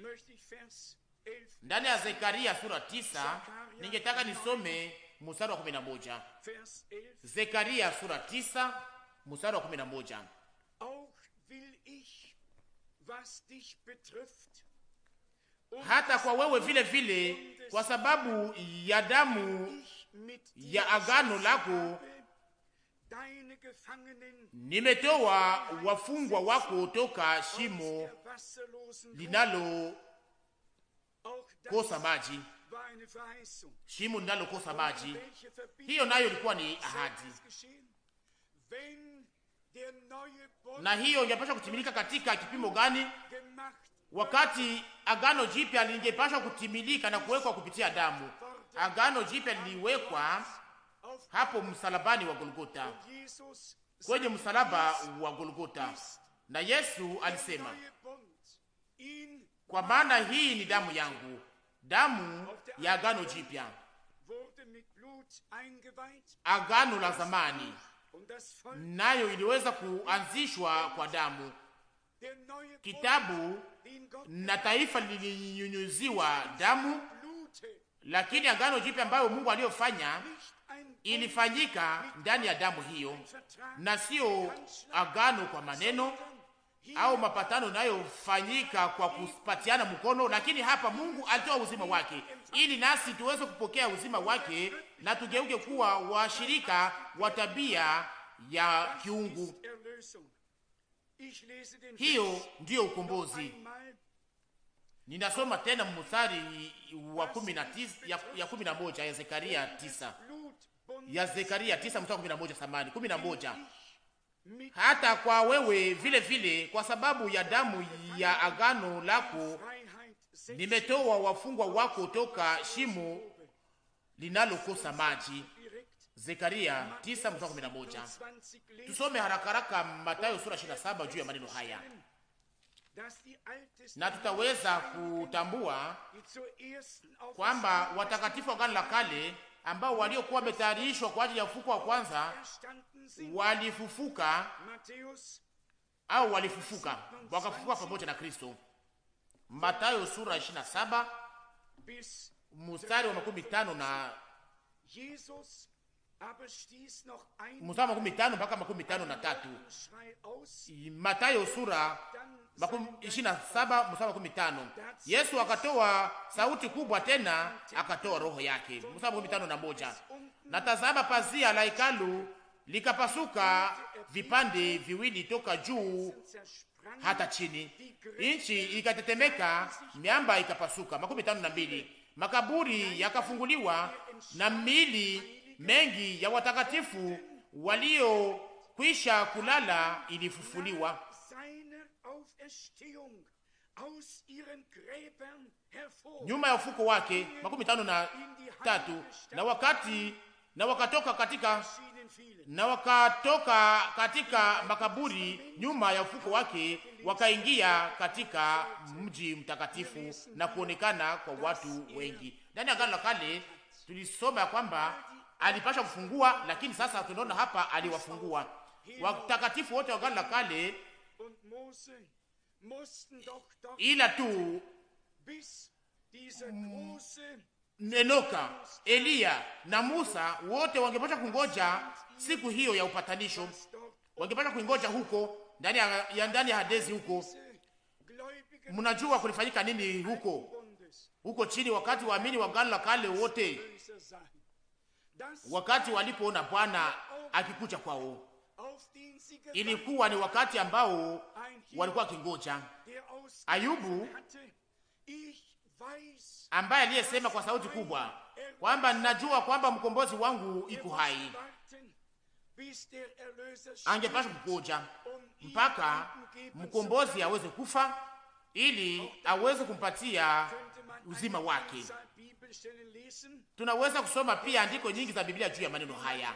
Ndani ya Zekaria sura tisa ningetaka nisome mstari wa kumi na moja. Zekaria sura tisa mstari wa kumi na moja. Hata kwa wewe vile vile, kwa sababu ya damu ya agano lako nimetoa wafungwa wako toka shimo linalo kosa maji, shimo linalokosa maji. Hiyo nayo ilikuwa ni ahadi, na hiyo ingepasha kutimilika katika kipimo gani? Wakati agano jipya lingepasha kutimilika na kuwekwa kupitia damu, agano jipya liliwekwa hapo msalabani wa Golgota, kwenye msalaba wa Golgota. Na Yesu alisema, kwa maana hii ni damu yangu, damu ya agano jipya, agano la zamani, nayo iliweza kuanzishwa kwa damu. Kitabu na taifa lilinyunyuziwa damu, lakini agano jipya ambayo Mungu aliyofanya ilifanyika ndani ya damu hiyo, na sio agano kwa maneno au mapatano inayofanyika kwa kupatiana mkono, lakini hapa Mungu alitoa uzima wake ili nasi tuweze kupokea uzima wake na tugeuke kuwa washirika wa tabia ya kiungu. Hiyo ndiyo ukombozi. Ninasoma tena mstari wa kumi na tisa, ya kumi na moja ya Zekaria tisa ya Zekaria 9:11 samani 11 hata kwa wewe vile vile, kwa sababu ya damu ya agano lako nimetoa wafungwa wako toka shimo linalokosa maji. Zekaria 9:11. Tusome haraka haraka Mathayo sura 27 juu ya maneno haya, na tutaweza kutambua kwamba watakatifu wa agano la kale ambao waliokuwa wametayarishwa kwa ajili ya ufufuko wa kwanza walifufuka au walifufuka wakafufuka pamoja na Kristo. Mathayo sura 27 mstari wa makumi tano na mstari makumi tano mpaka makumi tano na tatu Matayo sura er, ishirini na saba mstari makumi tano Yesu akatoa sauti kubwa tena akatoa roho yake. Mstari makumi tano na moja natazama pazia la hekalu likapasuka vipande viwili toka juu hata chini, inchi ikatetemeka, miamba ikapasuka. makumi tano na mbili makaburi yakafunguliwa na mili mengi ya watakatifu waliokwisha kulala ilifufuliwa nyuma ya ufuko wake makumi tano na tatu na wakati na wakatoka katika na wakatoka katika makaburi nyuma ya ufuko wake wakaingia katika mji mtakatifu na kuonekana kwa watu wengi. Ndani ya Agano la Kale tulisoma ya kwamba alipasha kufungua, lakini sasa tunaona hapa aliwafungua watakatifu wote wa Agano la Kale, ila tu Enoka, Eliya na Musa wote wangepasha kungoja siku hiyo ya upatanisho, wangepasha kuingoja huko ndani ya ndani ya hadezi huko. Mnajua kulifanyika nini huko huko chini, wakati waamini wa Agano la Kale wote wakati walipoona Bwana akikuja kwao. Ilikuwa ni wakati ambao walikuwa wakingoja. Ayubu ambaye aliyesema kwa sauti kubwa kwamba ninajua kwamba mkombozi wangu iko hai, angepasha kukoja mpaka mkombozi aweze kufa ili aweze kumpatia uzima wake. Tunaweza kusoma pia andiko nyingi za Biblia juu ya maneno haya.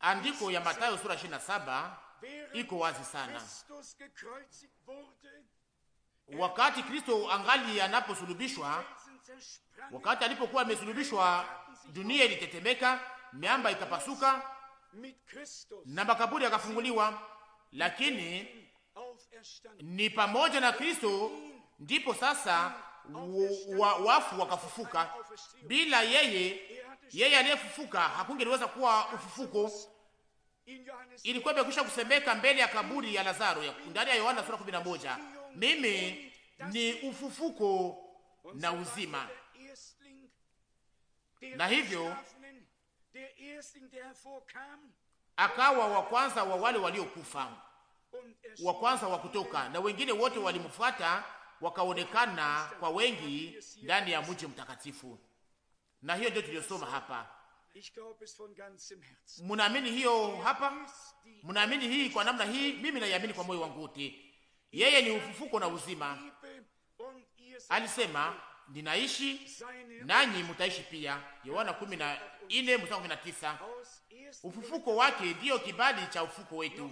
Andiko ya Mathayo sura 27 iko wazi sana. Er wakati Kristo angali anaposulubishwa, wakati alipokuwa amesulubishwa, dunia ilitetemeka, miamba ikapasuka na makaburi yakafunguliwa, lakini ni pamoja na Kristo ndipo sasa wa, wafu wakafufuka. Bila yeye, yeye aliyefufuka hakungeliweza kuwa ufufuko. Ilikuwa imekwisha kusemeka mbele ya kaburi ya Lazaro ndani ya Yohana sura moja mimi ni ufufuko na uzima. Na hivyo akawa wa kwanza wa wale waliokufa, wa kwanza wa kutoka, na wengine wote walimfuata wakaonekana kwa wengi ndani ya mji mtakatifu, na hiyo ndio tuliyosoma hapa. Munaamini hiyo hapa? Munaamini hii kwa namna hii? Mimi naiamini kwa moyo wangu wote. Yeye ni ufufuko na uzima. Alisema, ninaishi nanyi mutaishi pia, Yohana 14:19. Ufufuko wake ndiyo kibali cha ufufuko wetu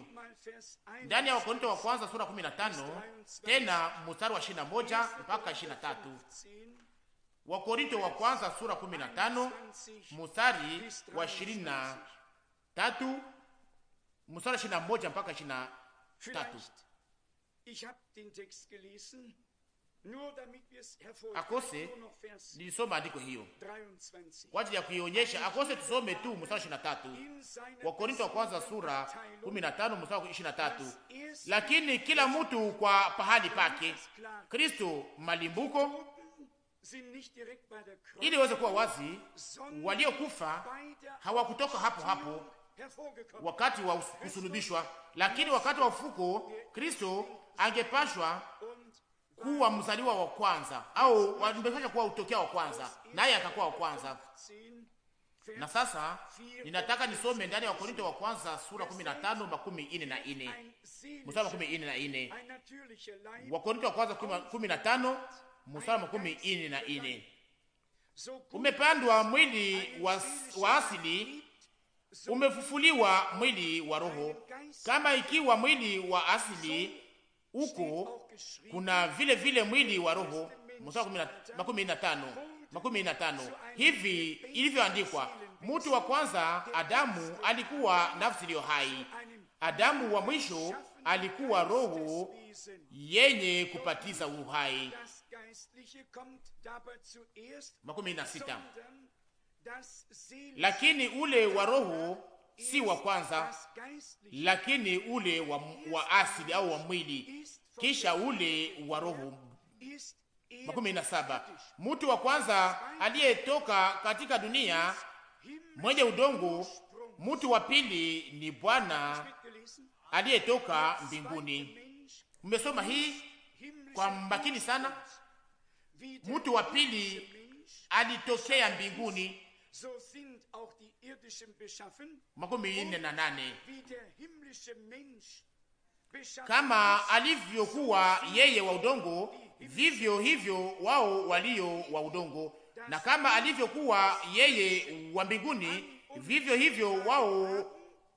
ndani ya Wakorinto wa kwanza sura 15 tena mstari wa 21 mpaka 23. Wakorinto wa kwanza sura 15 mstari wa 23 mstari wa 21 mpaka 23 akose nilisoma andiko hiyo kwa ajili ya kuionyesha, akose tusome tu mstari wa 23 wa Korinto wa kwanza sura 15 mstari wa 23, lakini kila mtu kwa pahali pake. Kristo malimbuko, ili iweze kuwa wazi, waliokufa hawakutoka hapo hapo wakati wa kusulubishwa, lakini wakati wa ufuko Kristo angepashwa kuwa mzaliwa wa kwanza au wamepasha kuwa utokea wa kwanza, naye atakuwa wa kwanza. Na sasa ninataka nisome ndani ya Wakorinto wa kwanza sura 15 makumi ine na ine mstari makumi ine na ine Wakorinto wa kwanza 15 mstari makumi ine na ine Umepandwa mwili wa, wa asili umefufuliwa mwili wa roho. Kama ikiwa mwili wa asili huko kuna vile vile mwili wa roho. Mstari makumi na tano makumi na tano hivi ilivyoandikwa, mtu wa kwanza Adamu alikuwa nafsi iliyo hai, Adamu wa mwisho alikuwa roho yenye kupatiza uhai. makumi na sita lakini ule wa roho si wa kwanza, lakini ule wa, wa asili au wa mwili, kisha ule wa roho. Makumi na saba. Mtu wa kwanza aliyetoka katika dunia mwenye udongo, mtu wa pili ni Bwana aliyetoka mbinguni. umesoma hii kwa makini sana. Mtu wa pili alitokea mbinguni makumi nne na nane kama alivyokuwa yeye wa udongo, vivyo hivyo wao walio wa udongo, na kama alivyokuwa yeye wa mbinguni, vivyo hivyo wao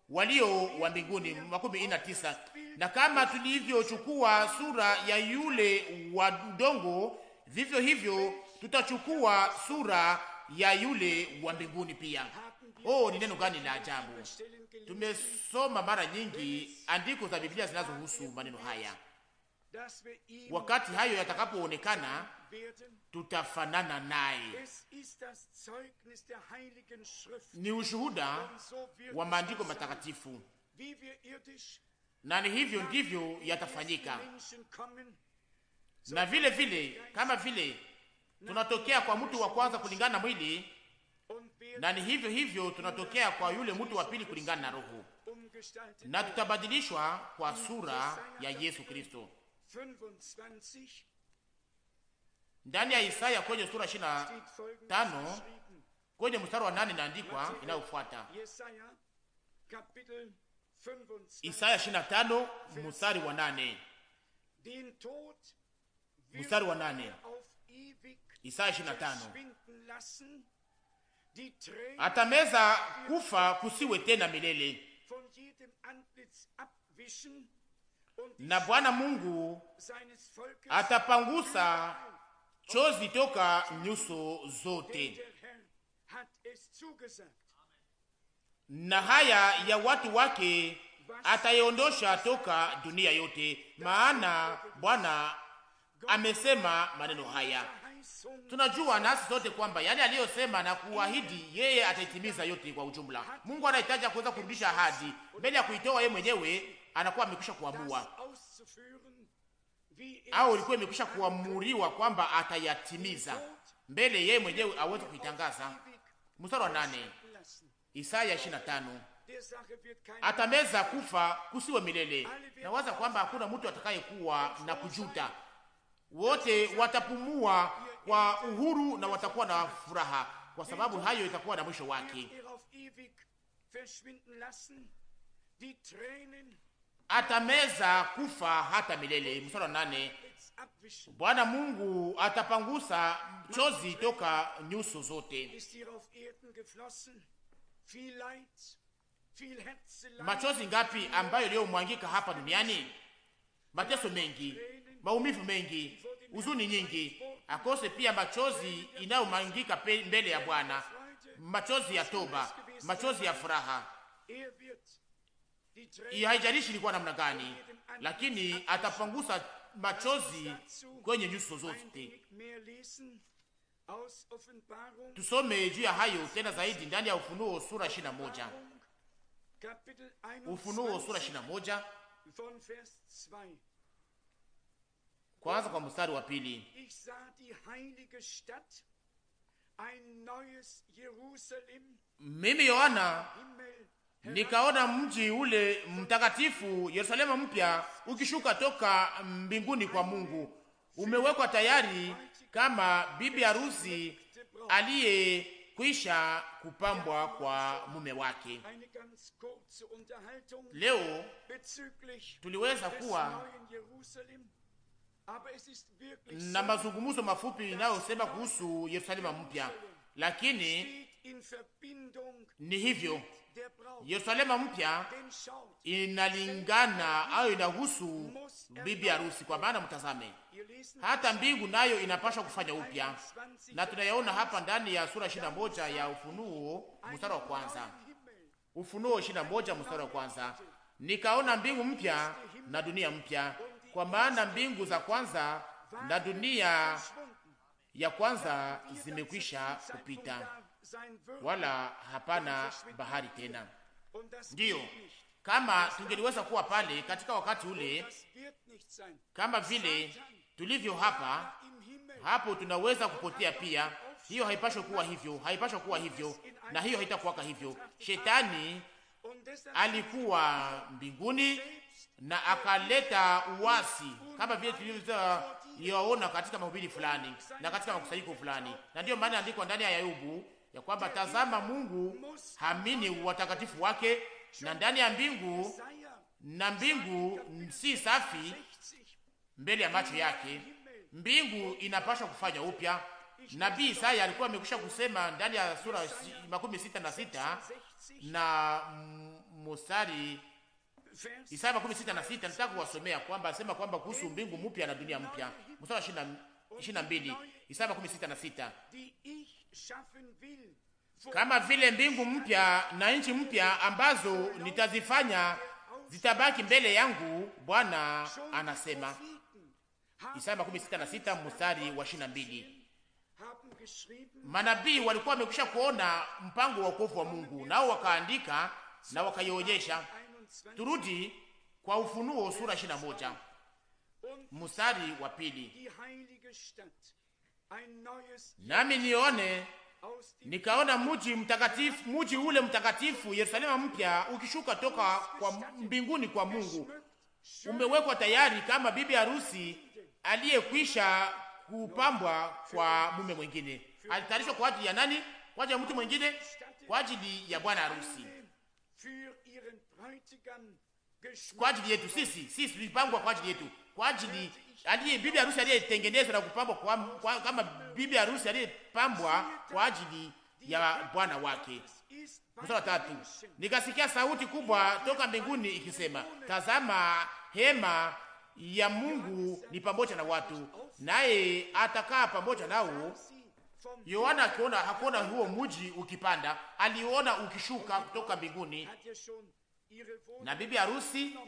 walio wa mbinguni. makumi ina tisa. Na kama tulivyochukua sura ya yule wa udongo, vivyo hivyo tutachukua sura ya yule wa mbinguni pia. Oh, ni neno gani la ajabu! Tumesoma mara nyingi andiko za Biblia zinazohusu maneno haya. Wakati hayo yatakapoonekana, tutafanana naye. Ni ushuhuda wa maandiko matakatifu, na ni hivyo ndivyo yatafanyika na vile vile, kama vile tunatokea kwa mtu wa kwanza kulingana na mwili, na ni hivyo hivyo tunatokea kwa yule mtu wa pili kulingana na roho, na tutabadilishwa kwa sura ya Yesu Kristo. Ndani ya Isaya kwenye sura 25 kwenye mstari wa 8 inaandikwa inayofuata. Isaya 25 mstari wa 8, mstari wa 8 Isaya 25. Atameza kufa kusiwe tena milele, na Bwana Mungu atapangusa chozi toka nyuso zote. Na haya ya watu wake atayondosha toka dunia yote, maana Bwana amesema maneno haya. Tunajua nasi zote kwamba yale aliyosema na kuahidi yeye ataitimiza yote kwa ujumla. Mungu anahitaji kuweza kurudisha ahadi mbele ya kuitoa yeye mwenyewe, anakuwa amekwisha kuamua au ilikuwa imekwisha kuamuriwa kwamba atayatimiza mbele yeye mwenyewe aweze kuitangaza. Mstari wa nane, Isaya 25 atameza kufa kusiwe milele. Nawaza kwamba hakuna mtu atakayekuwa na kujuta, wote watapumua kwa uhuru na watakuwa na furaha, kwa sababu hayo itakuwa na mwisho wake. Atameza kufa hata milele. Mstari nane. Bwana Mungu atapangusa chozi toka nyuso zote. Machozi ngapi ambayo leo mwangika hapa duniani? Mateso mengi, maumivu mengi, huzuni nyingi, akose pia machozi inayomangika mbele ya Bwana, machozi ya toba, machozi ya furaha. Haijalishi ilikuwa namna gani, lakini atapangusa machozi kwenye nyuso zote. Tusome juu ya hayo tena zaidi ndani ya Ufunuo sura moja. Ufunuo sura moja kwanza kwa mstari wa pili. Mimi Yohana nikaona mji ule mtakatifu Yerusalemu mpya ukishuka toka mbinguni kwa Mungu, umewekwa tayari kama bibi harusi aliyekwisha kupambwa kwa mume wake. Leo tuliweza kuwa na mazungumzo mafupi inayosema kuhusu Yerusalema mpya, lakini ni hivyo Yerusalema mpya inalingana au inahusu er bibi harusi, kwa maana mtazame, hata mbingu nayo inapaswa kufanya upya, na tunayaona hapa ndani ya sura ishirini moja ya Ufunuo mstari wa kwanza. Ufunuo ishirini moja mstari wa kwanza, nikaona mbingu mpya na dunia mpya, kwa maana mbingu za kwanza na dunia ya kwanza zimekwisha kupita, wala hapana bahari tena. Ndiyo, kama tungeliweza kuwa pale katika wakati ule, kama vile tulivyo hapa, hapo tunaweza kupotea pia. Hiyo haipashwe kuwa hivyo, haipashwa kuwa hivyo, na hiyo haitakuwaka hivyo. Shetani alikuwa mbinguni na akaleta uwasi kama vile tulivyoona katika mahubiri fulani na katika makusanyiko fulani. Na ndiyo maana andikwa ndani ya Ayubu ya kwamba tazama, Mungu hamini watakatifu wake, na ndani ya mbingu na mbingu si safi mbele ya macho yake, mbingu inapaswa kufanya upya. Nabii Isaya alikuwa amekwisha kusema ndani ya sura makumi sita na sita na mm, mstari Isaya makumi sita na sita nitaka kuwasomea kwamba asema kwamba kuhusu mbingu mpya na dunia mpya, mstari wa ishirini na mbili Isaya makumi sita na sita kama vile mbingu mpya na nchi mpya ambazo nitazifanya zitabaki mbele yangu, Bwana anasema. Isaya makumi sita na sita mstari wa ishirini na mbili. Manabii walikuwa wamekwisha kuona mpango wa wokovu wa Mungu, nao wakaandika na wakaionyesha Turudi kwa Ufunuo sura ishirini na moja mstari wa pili. Nami nione nikaona muji mtakatifu, muji ule mtakatifu Yerusalema mpya ukishuka toka kwa mbinguni kwa Mungu, umewekwa tayari kama bibi harusi aliyekwisha kupambwa kwa mume mwingine. Alitayarishwa kwa ajili ya nani? Kwa ajili ya mtu mwingine, kwa ajili ya bwana harusi kwa ajili yetu sisi. Sisi tulipangwa kwa ajili yetu, kwa ajili aliye bibi harusi aliyetengenezwa na kupambwa kwa, kwa, kama bibi harusi aliyepambwa kwa ajili ya bwana wake. Mstari wa tatu, nikasikia sauti kubwa toka mbinguni ikisema, tazama hema ya Mungu ni pamoja na watu, naye atakaa pamoja nao Yohana akiona hakuona huo mji ukipanda, aliona ukishuka kutoka mbinguni, er na bibi harusi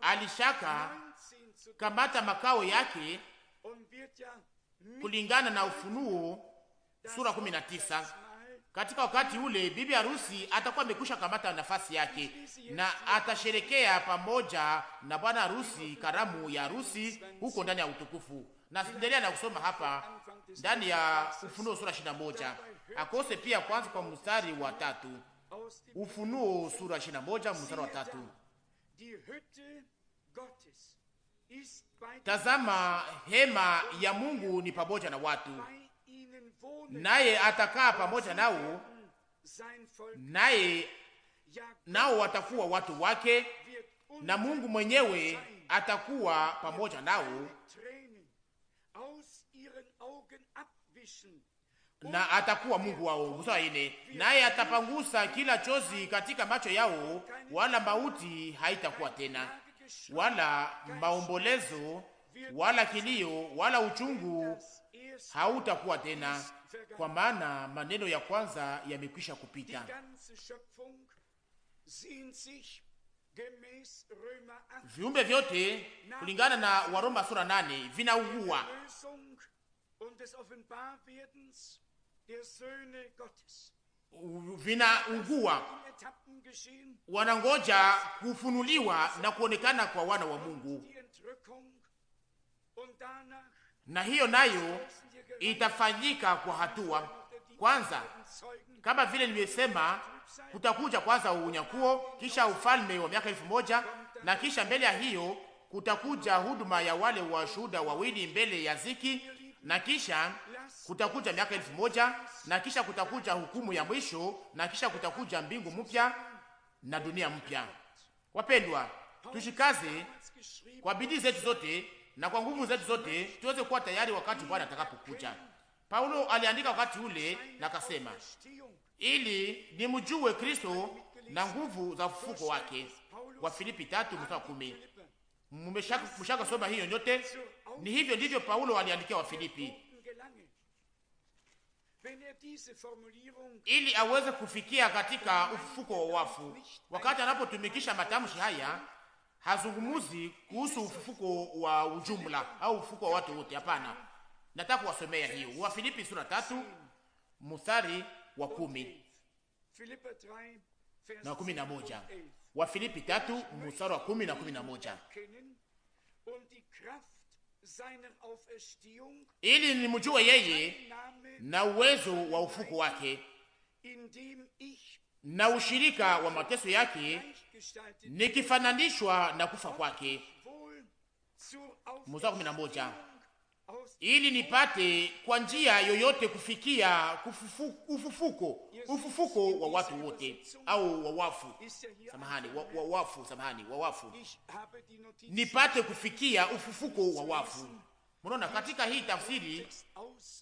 alishaka kamata makao yake kulingana na Ufunuo sura 19. Katika wakati ule bibi harusi atakuwa amekwisha kamata nafasi yake na atasherekea pamoja na bwana harusi karamu ya harusi huko ndani ya utukufu. Naendelea na kusoma hapa ndani ya Ufunuo sura ishirini na moja akose pia kwanza kwa mstari wa tatu. Ufunuo sura ishirini na moja mstari wa tatu. Tazama, hema ya Mungu ni pamoja na watu, naye atakaa pamoja nao, naye nao watakuwa watu wake, na Mungu mwenyewe atakuwa pamoja nao na atakuwa Mungu wao. Mstari ine, naye atapangusa kila chozi katika macho yao, wala mauti haitakuwa tena, wala maombolezo wala kilio wala uchungu hautakuwa tena, kwa maana maneno ya kwanza yamekwisha kupita. Viumbe vyote kulingana na Waroma sura nane vinaugua vinaungua, wanangoja kufunuliwa na kuonekana kwa wana wa Mungu, na hiyo nayo itafanyika kwa hatua. Kwanza, kama vile nimesema, kutakuja kwanza unyakuo, kisha ufalme wa miaka elfu moja na kisha mbele ya hiyo kutakuja huduma ya wale washuhuda wawili mbele ya ziki na kisha kutakuja miaka elfu moja na kisha kutakuja hukumu ya mwisho na kisha kutakuja mbingu mpya na dunia mpya. Wapendwa, tushikaze kwa bidii zetu zote na kwa nguvu zetu zote tuweze kuwa tayari wakati Bwana atakapokuja. Paulo aliandika wakati ule na akasema, ili nimjue Kristo na nguvu za ufufuko wake. Wa Filipi 3:10. Mmeshaka soma hiyo nyote ni hivyo ndivyo Paulo aliandikia Wafilipi ili aweze kufikia katika ufufuko wa wafu. Wakati anapotumikisha matamshi haya, hazungumuzi kuhusu ufufuko wa ujumla au ufufuko wa watu wote. Hapana, nataka kuwasomea hiyo Wafilipi sura tatu mstari wa kumi na kumi na moja. Wafilipi tatu mstari wa kumi na kumi na moja ili nimjue yeye na uwezo wa ufuko wake na ushirika wa mateso yake, nikifananishwa na kufa kwake. Mstari kumi na moja ili nipate kwa njia yoyote kufikia kufufu, ufufuko ufufuko wa watu wote au wawafu, samahani, wa, wawafu, samahani, wawafu, nipate kufikia ufufuko wa wafu. Mnaona, katika hii tafsiri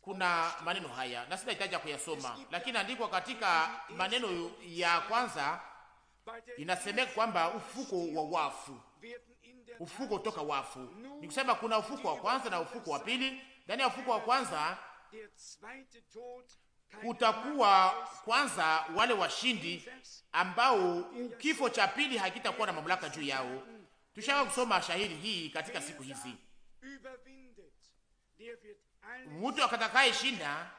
kuna maneno haya na sinahitaji ya kuyasoma, lakini andikwa katika maneno ya kwanza inasemeka kwamba ufufuko wa wafu ufuko toka wafu. Ni kusema kuna ufuko wa kwanza na ufuko wa pili. Ndani ya ufuko wa kwanza kutakuwa kwanza wale washindi ambao kifo cha pili hakitakuwa na mamlaka juu yao. Tushaka kusoma shahidi hii katika siku hizi. Mtu akatakaye shinda,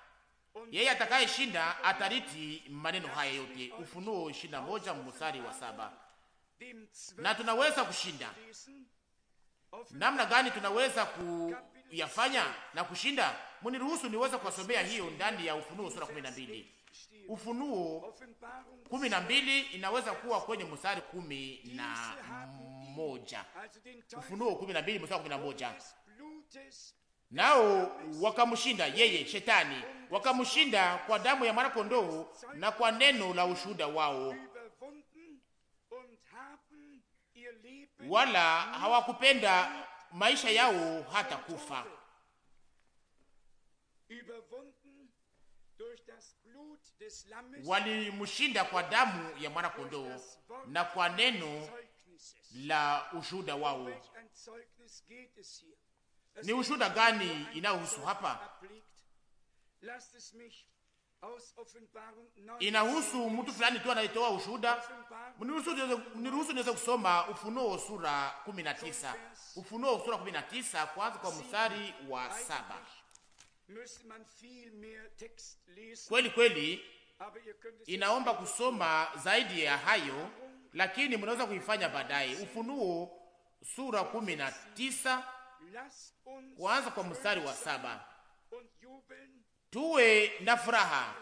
yeye atakaye shinda atariti maneno haya yote. Ufunuo 21 mstari wa saba na tunaweza kushinda. Namna gani tunaweza kuyafanya na kushinda? ruhusu niweze kuwasomea hiyo ndani ya Ufunuo sura 12. Ufunuo 12 inaweza kuwa kwenye mstari 11. Ufunuo 12 mstari 11. Nao wakamshinda yeye shetani, wakamshinda kwa damu ya mwana kondoo na kwa neno la ushuhuda wao wala hawakupenda maisha yao hata kufa. Walimshinda kwa damu ya mwana kondoo na kwa neno la ushuhuda wao. Ni ushuhuda gani inayohusu hapa? inahusu mtu fulani tu anayetoa ushuhuda. Niruhusu niweze kusoma Ufunuo sura 19, Ufunuo sura 19 kwanza kwa mstari wa saba. Kweli kweli inaomba kusoma zaidi ya hayo, lakini mnaweza kuifanya baadaye. Ufunuo sura 19 kuanza kwa mstari wa saba tuwe na furaha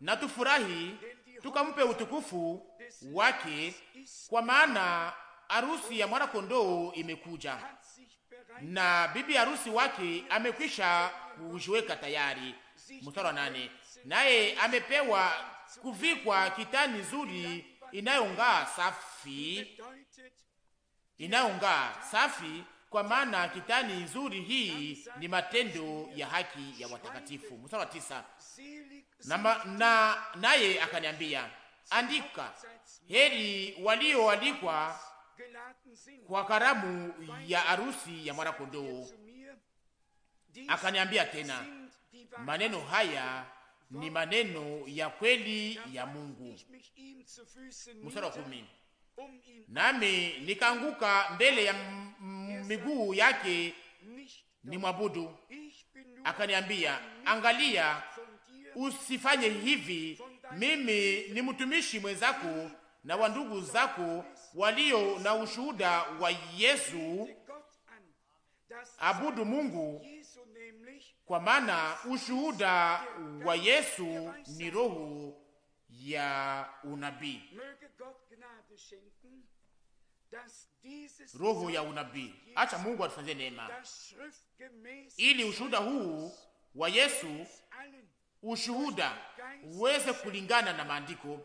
na tufurahi, tukampe utukufu wake, kwa maana harusi ya mwana kondoo imekuja na bibi harusi wake amekwisha kujiweka tayari. Mstari wa nane, naye amepewa kuvikwa kitani nzuri inayong'aa safi, inayong'aa safi kwa maana kitani nzuri hii ni matendo ya haki ya watakatifu. Mstari wa tisa, na naye na akaniambia, andika, heri walioalikwa kwa karamu ya arusi ya kondoo. Akaniambia tena, maneno haya ni maneno ya kweli ya Mungu. Mstari wa kumi nami nikaanguka mbele ya miguu yake ni mwabudu. Akaniambia, angalia, usifanye hivi. Mimi ni mtumishi mwenzako na wa ndugu zako walio na ushuhuda wa Yesu. Abudu Mungu, kwa maana ushuhuda wa Yesu ni roho ya unabii roho ya unabii. Acha Mungu atufanyie neema, ili ushuhuda huu wa Yesu ushuhuda uweze kulingana na maandiko,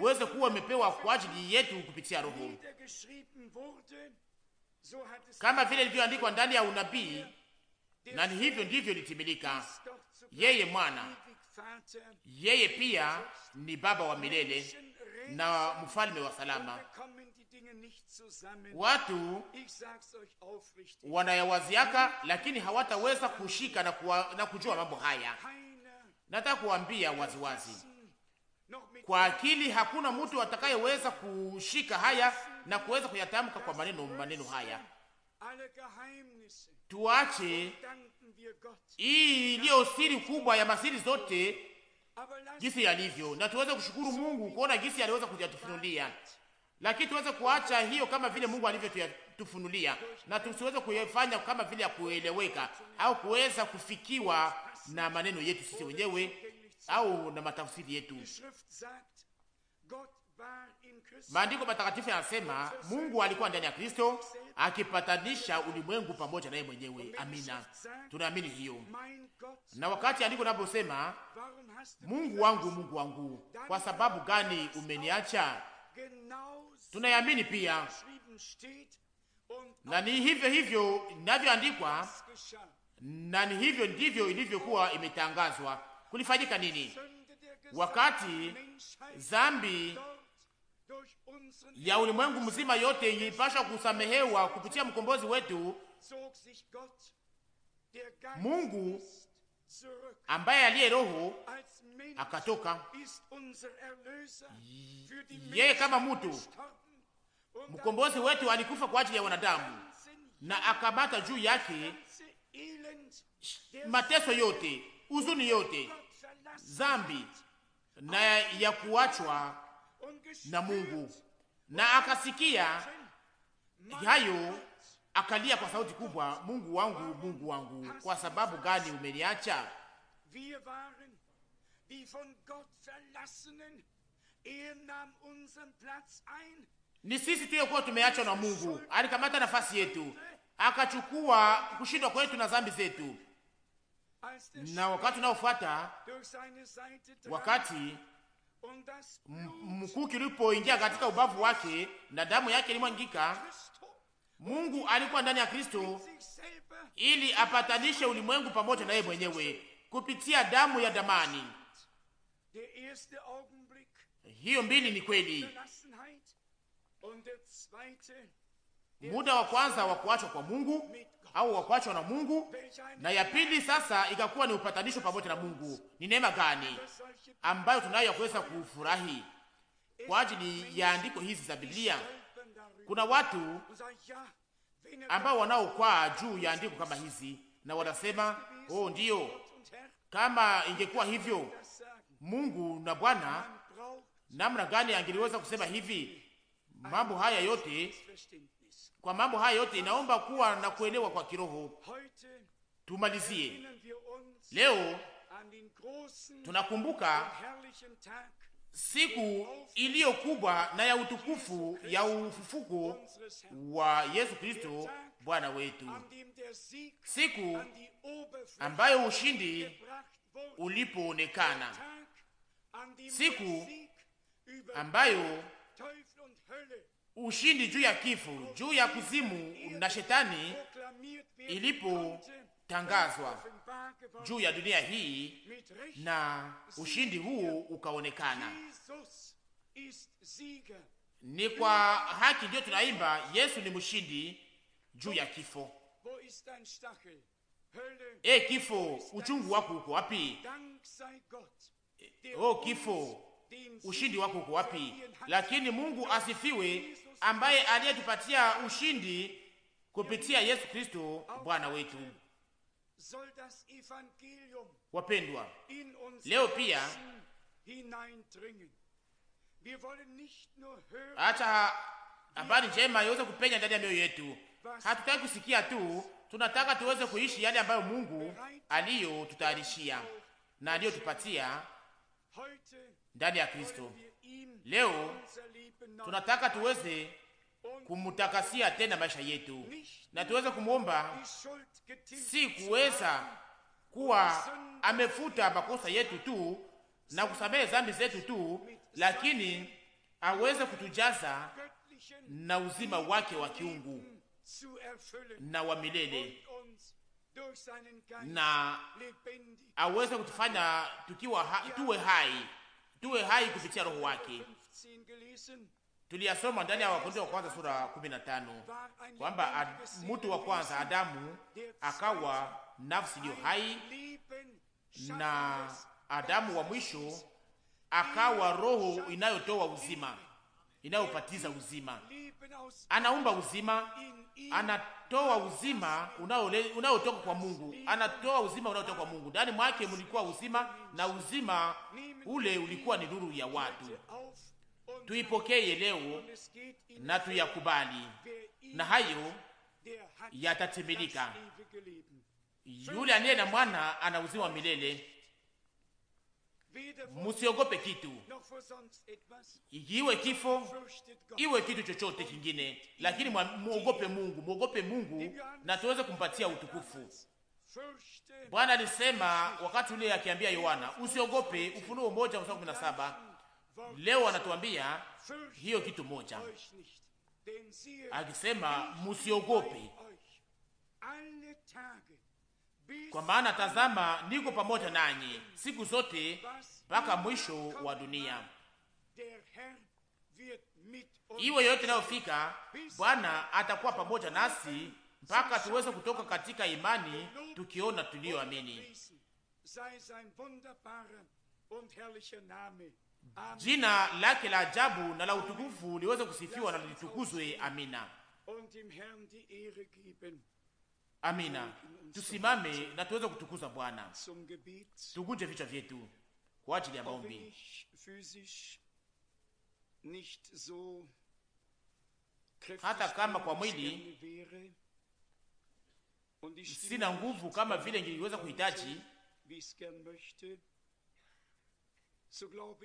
uweze kuwa er umepewa kwa ajili yetu kupitia Roho, kama vile ilivyoandikwa ndani ya unabii, na ni hivyo ndivyo litimilika Yeye mwana, yeye pia ni Baba wa milele na mfalme wa salama. Watu wanayawaziaka, lakini hawataweza kushika na, kuwa, na kujua mambo haya. Nataka kuambia waziwazi kwa akili hakuna mtu atakayeweza kushika haya na kuweza kuyatamka kwa maneno maneno haya. Tuache hii iliyo siri kubwa ya masiri zote jinsi yalivyo, na tuweze kushukuru Mungu kuona jinsi aliweza kuyatufunulia, lakini tuweze kuacha hiyo kama vile Mungu alivyotufunulia, na tusiweze kuyafanya kama vile ya kueleweka au kuweza kufikiwa na maneno yetu sisi wenyewe au na matafsiri yetu. Maandiko matakatifu yanasema Mungu alikuwa ndani ya Kristo akipatanisha ulimwengu pamoja naye mwenyewe. Amina, tunaamini hiyo. Na wakati andiko naposema Mungu wangu, Mungu wangu, kwa sababu gani umeniacha, tunayamini pia, na ni hivyo hivyo inavyoandikwa na ni hivyo ndivyo ilivyokuwa imetangazwa. Kulifanyika nini wakati zambi ya ulimwengu mzima yote ilipashwa kusamehewa kupitia mkombozi wetu. Mungu ambaye aliye Roho akatoka yeye kama mtu. Mkombozi wetu alikufa kwa ajili ya wanadamu na akabata juu yake mateso yote, uzuni yote, zambi na ya kuachwa na Mungu na akasikia hayo akalia kwa sauti kubwa, Mungu wangu, Mungu wangu, kwa sababu gani umeniacha? Er Ni sisi tuliyokuwa tumeachwa na Mungu, alikamata nafasi yetu, akachukua kushindwa kwetu na dhambi zetu, na wakati unaofuata wakati mkuki ulipoingia katika ubavu wake na damu yake ilimwangika, Mungu alikuwa ndani ya Kristo ili apatanishe ulimwengu pamoja na yeye mwenyewe kupitia damu ya damani. Hiyo mbili ni kweli, muda wa kwanza wa kuachwa kwa Mungu au wakuachwa na Mungu, na ya pili sasa ikakuwa ni upatanisho pamoja na Mungu. Ni neema gani ambayo tunayo ya kuweza kufurahi kwa ajili ya andiko hizi za Biblia? Kuna watu ambao wanaokwaa juu ya andiko kama hizi na wanasema oh, ndiyo, kama ingekuwa hivyo Mungu na Bwana namna gani angeliweza kusema hivi mambo haya yote kwa mambo haya yote inaomba kuwa na kuelewa kwa kiroho. Tumalizie leo, tunakumbuka siku iliyo kubwa na ya utukufu ya ufufuko wa Yesu Kristo Bwana wetu, siku ambayo ushindi ulipoonekana, siku ambayo ushindi juu ya kifo, juu ya kuzimu na shetani ilipotangazwa juu ya dunia hii, na ushindi huu ukaonekana. Ni kwa haki ndiyo tunaimba Yesu ni mshindi juu ya kifo. E kifo, uchungu wako uko wapi? Oh kifo, ushindi wako uko wapi? Lakini Mungu asifiwe ambaye aliyetupatia ushindi kupitia Yesu Kristo Bwana wetu. Wapendwa, leo pia acha habari njema iweze kupenya ndani ya mioyo yetu. Hatutaki kusikia tu, tunataka tuweze kuishi yale ambayo Mungu aliyotutayarishia na aliyotupatia ndani ya Kristo. Leo tunataka tuweze kumutakasia tena maisha yetu, na tuweze kumwomba, si kuweza kuwa amefuta makosa yetu tu na kusamehe dhambi zetu tu, lakini aweze kutujaza na uzima wake wa kiungu na wa milele na aweze kutufanya tukiwa ha, tuwe hai tuwe hai kupitia Roho wake tuliyasoma ndani ya Wakorintho wa kwanza sura 15 kwamba mtu wa kwanza Adamu akawa nafsi iliyo hai na Adamu wa mwisho akawa roho inayotoa uzima, inayopatiza uzima. Anaumba uzima, anatoa uzima unaotoka kwa Mungu, anatoa uzima unaotoka kwa Mungu. Ndani mwake mlikuwa uzima, na uzima ule ulikuwa ni nuru ya watu tuipokee leo na tuyakubali, na hayo yatatimilika. Yule aniye na mwana ana uzima milele. Musiogope kitu, iwe kifo, iwe kitu chochote kingine, lakini muogope Mungu, muogope Mungu na tuweze kumpatia utukufu. Bwana alisema wakati ule akiambia Yohana, usiogope, Ufunuo moja mstari kumi na saba Leo anatuambia hiyo kitu moja akisema, musiogope kwa maana tazama, niko pamoja nanyi siku zote mpaka mwisho wa dunia. Iwe yoyote inayofika, Bwana atakuwa pamoja nasi mpaka tuweze kutoka katika imani, tukiona tuliyoamini jina lake la ajabu na la utukufu liweze kusifiwa na litukuzwe. Amina, amina. Tusimame na tuweze kutukuza Bwana, Tugunje vichwa vyetu kwa ajili ya maombi. Hata kama kwa mwili sina nguvu kama vile ningeweza kuhitaji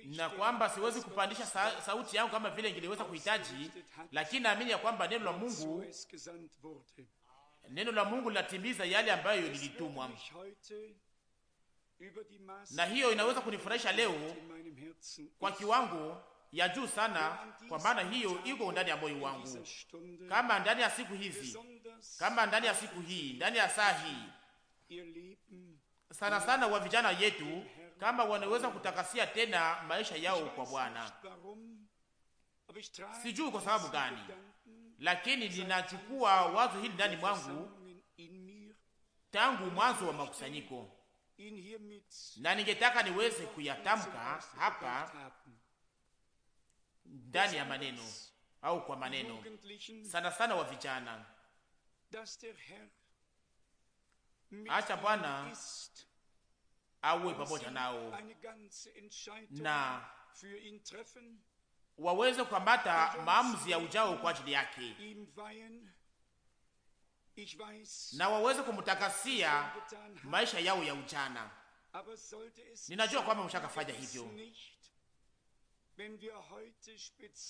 na kwamba siwezi kupandisha sa sauti yangu kama vile ngiliweza kuhitaji, lakini naamini ya kwamba neno la Mungu, neno la Mungu linatimiza yale ambayo lilitumwa, na hiyo inaweza kunifurahisha leo kwa kiwango ya juu sana, kwa maana hiyo iko ndani ya moyo wangu. Kama ndani ya siku hizi, kama ndani ya siku hii, ndani ya saa hii, sana sana wa vijana yetu kama wanaweza kutakasia tena maisha yao kwa Bwana. Sijui kwa sababu gani, lakini ninachukua wazo hili ndani mwangu tangu mwanzo wa makusanyiko, na ningetaka niweze kuyatamka hapa ndani ya maneno au kwa maneno, sana sana wa vijana, acha Bwana awe pamoja nao na waweze kukamata maamuzi ya ujao kwa ajili yake na waweze kumtakasia er maisha yao ya ujana. Ninajua kwamba mshakafanya hivyo,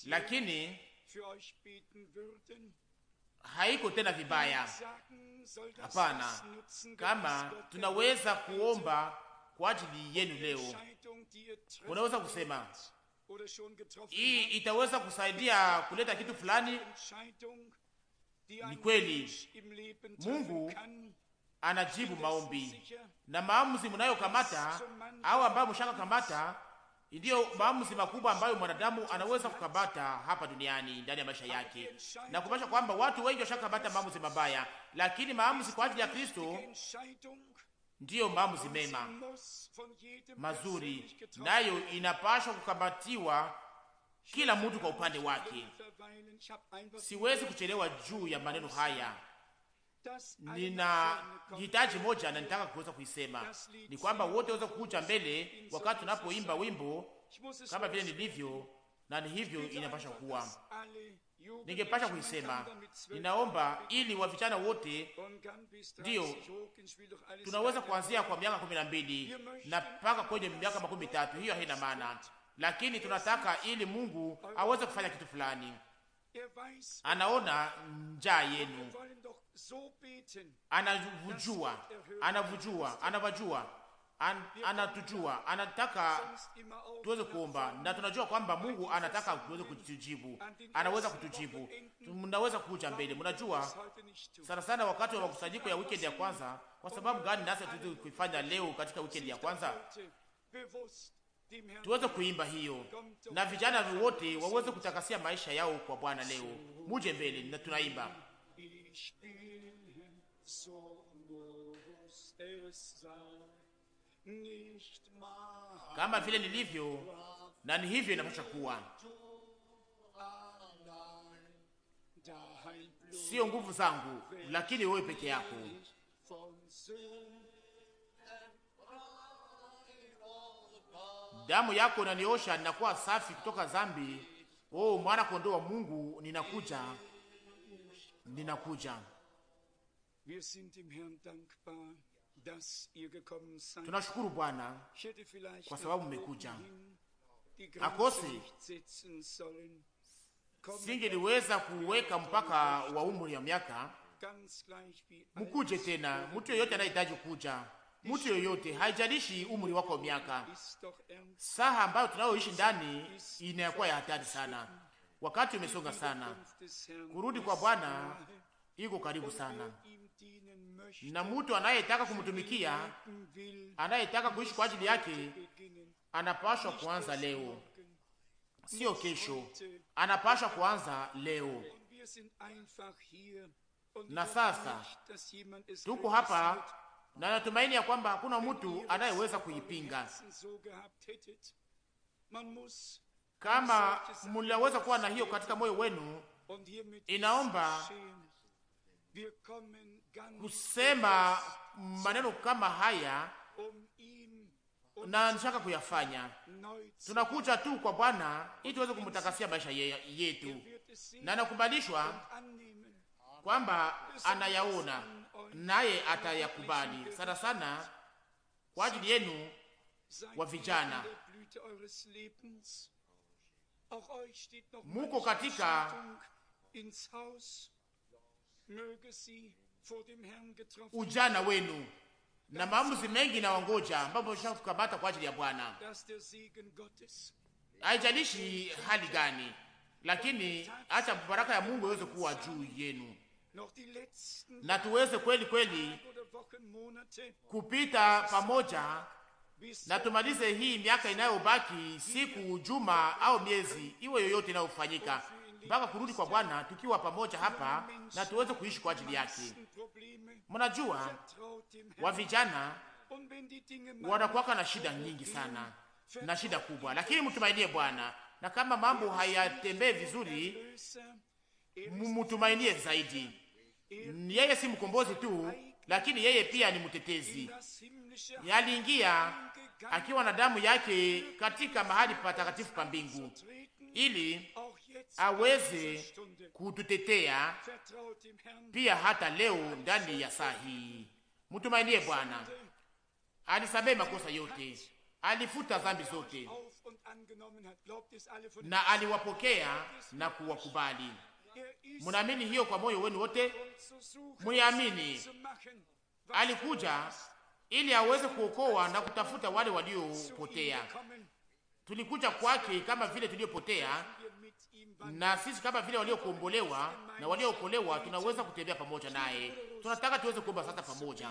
lakini haiko tena vibaya. Hapana, kama tunaweza kuomba kwa ajili yenu leo. Unaweza kusema hii itaweza kusaidia kuleta kitu fulani. Ni kweli, Mungu anajibu maombi na maamuzi mnayokamata au ambayo mshaka kamata ndiyo maamuzi makubwa ambayo mwanadamu anaweza kukamata hapa duniani ndani ya maisha yake, na kumaanisha kwamba watu wengi washakamata maamuzi mabaya, lakini maamuzi kwa ajili ya Kristo ndiyo maamuzi mema mazuri, nayo inapashwa kukamatiwa kila mtu kwa upande wake. Siwezi kuchelewa juu ya maneno haya. Nina hitaji moja na nitaka kuweza kuisema ni kwamba wote waweza kukuja mbele wakati tunapoimba wimbo kama vile nilivyo, na ni hivyo inapasha kuwa ningepasha kuisema. Ninaomba ili wa vijana wote, ndiyo tunaweza kuanzia kwa miaka kumi na mbili na mpaka kwenye miaka makumi tatu, hiyo haina maana, lakini tunataka ili Mungu aweze kufanya kitu fulani. Anaona njaa yenu, anavujua, anavujua, anavajua anatujua, anataka tuweze kuomba, na tunajua kwamba Mungu anataka tuweze kutujibu, anaweza kutujibu, mnaweza kuja mbele. Mnajua sana sana wakati wa makusanyiko ya weekend ya kwanza. Kwa sababu gani nasi tuweze kuifanya leo katika weekend ya kwanza? Tuweze kuimba hiyo, na vijana wote waweze kutakasia maisha yao kwa Bwana leo. Muje mbele, na tunaimba er kama vile nilivyo, na ni hivyo inapaswa kuwa, sio nguvu zangu, lakini wewe peke yako. Damu yako inaniosha, ninakuwa safi kutoka dhambi. Oh, mwana kondoo wa Mungu, ninakuja, ninakuja. Tunashukuru Bwana kwa sababu mmekuja. Akose singeliweza kuweka mpaka wa umri ya miaka. Mukuje tena, mtu yoyote anayehitaji kuja, mtu yoyote, haijalishi umri wako wa miaka. Saha ambayo tunayoishi ndani inakuwa ya hatari sana, wakati umesonga sana. Kurudi kwa Bwana iko karibu sana na mtu anayetaka kumtumikia, anayetaka kuishi kwa ajili yake, anapashwa kuanza leo, sio kesho. Anapashwa kuanza leo. Na sasa tuko hapa na natumaini ya kwamba hakuna mtu anayeweza kuipinga. Kama mliweza kuwa na hiyo katika moyo wenu, inaomba kusema maneno kama haya na nishaka kuyafanya. Tunakuja tu kwa Bwana ili tuweze kumtakasia maisha yetu, na nakubalishwa kwamba anayaona naye atayakubali sana sana kwa ajili yenu wa vijana muko katika ujana wenu na maamuzi mengi na wangoja ambapo kukamata kwa ajili ya Bwana. Haijalishi hali gani, lakini acha baraka ya Mungu iweze kuwa juu yenu na tuweze kweli kweli kupita pamoja na tumalize hii miaka inayobaki, siku, juma au miezi, iwe yoyote inayofanyika mpaka kurudi kwa Bwana tukiwa pamoja hapa na tuweze kuishi kwa ajili yake. Mnajua wa vijana wanakuwaka na shida nyingi sana na shida kubwa, lakini mtumainie Bwana, na kama mambo hayatembee vizuri, mtumainie zaidi. Yeye si mkombozi tu, lakini yeye pia ni mtetezi. Aliingia akiwa na damu yake katika mahali patakatifu pa mbingu ili aweze kututetea pia hata leo ndani ya saa hii. Mtumainie Bwana. Alisamehe makosa yote, alifuta dhambi zote, na aliwapokea na kuwakubali. Mnaamini hiyo kwa moyo wenu wote? Muyaamini. Alikuja ili aweze kuokoa na kutafuta wale waliopotea. Tulikuja kwake kama vile tuliopotea na sisi kama vile waliokombolewa na waliookolewa tunaweza kutembea pamoja naye. Tunataka tuweze kuomba sasa pamoja.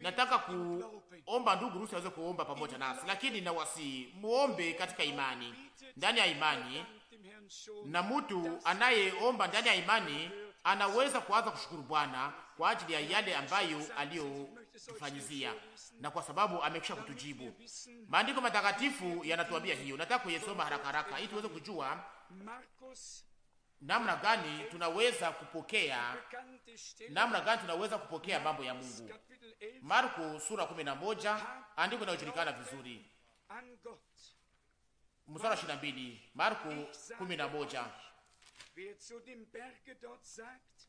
Nataka kuomba ndugu Rusi aweze kuomba pamoja nasi, lakini nawasi muombe katika imani, ndani ya imani. Na mtu anayeomba ndani ya imani anaweza kuanza kushukuru Bwana kwa ajili ya yale ambayo aliyo kufanyizia, na kwa sababu amekwisha kutujibu. Maandiko matakatifu yanatuambia hiyo. Nataka kuyesoma haraka haraka ili tuweze kujua namna gani tunaweza kupokea, namna gani tunaweza kupokea mambo ya Mungu. Marko sura 11 andiko inayojulikana vizuri, mstari 22. Marko moja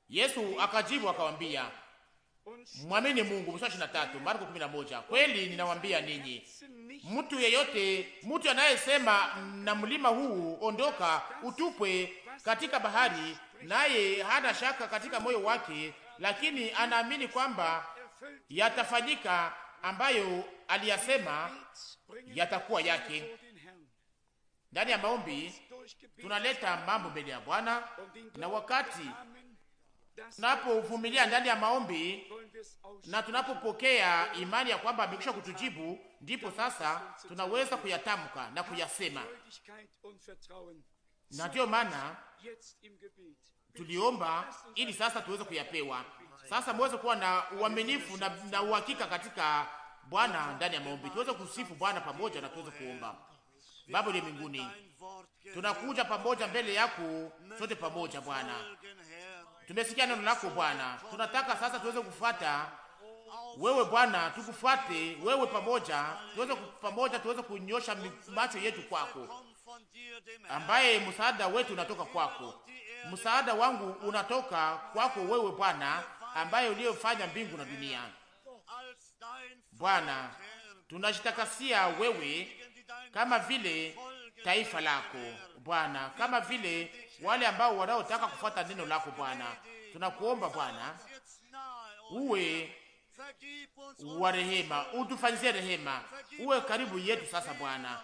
Yesu akajibu akawambia Mwamini Mungu. Mstari wa 23, Marko 11. Kweli ninawambia ninyi, mtu yeyote, mtu anayesema na mlima huu ondoka, utupwe katika bahari, naye hana shaka katika moyo wake, lakini anaamini kwamba yatafanyika ambayo aliyasema, yatakuwa yake. Ndani ya maombi tunaleta mambo mbele ya Bwana na wakati tunapovumilia ndani ya maombi na tunapopokea imani ya kwamba amekwisha kutujibu, ndipo sasa tunaweza kuyatamka na kuyasema. Na ndiyo maana tuliomba ili sasa tuweze kuyapewa. Sasa muweze kuwa na uaminifu na, na uhakika katika Bwana ndani ya maombi. Tuweze kusifu Bwana pamoja na tuweze kuomba. Baba wa mbinguni, tunakuja pamoja mbele yako sote pamoja Bwana, Tumesikia neno lako Bwana, tunataka sasa tuweze kufuata wewe Bwana, tukufuate wewe pamoja, tuweze pamoja, tuweze kunyosha macho yetu kwako, ambaye msaada wetu unatoka kwako. Msaada wangu unatoka kwako wewe Bwana, ambaye uliyofanya mbingu na dunia. Bwana, tunajitakasia wewe kama vile taifa lako Bwana, kama vile wale ambao wanaotaka kufuata neno lako Bwana. Tunakuomba Bwana uwe wa rehema, utufanyie rehema, uwe karibu yetu sasa Bwana.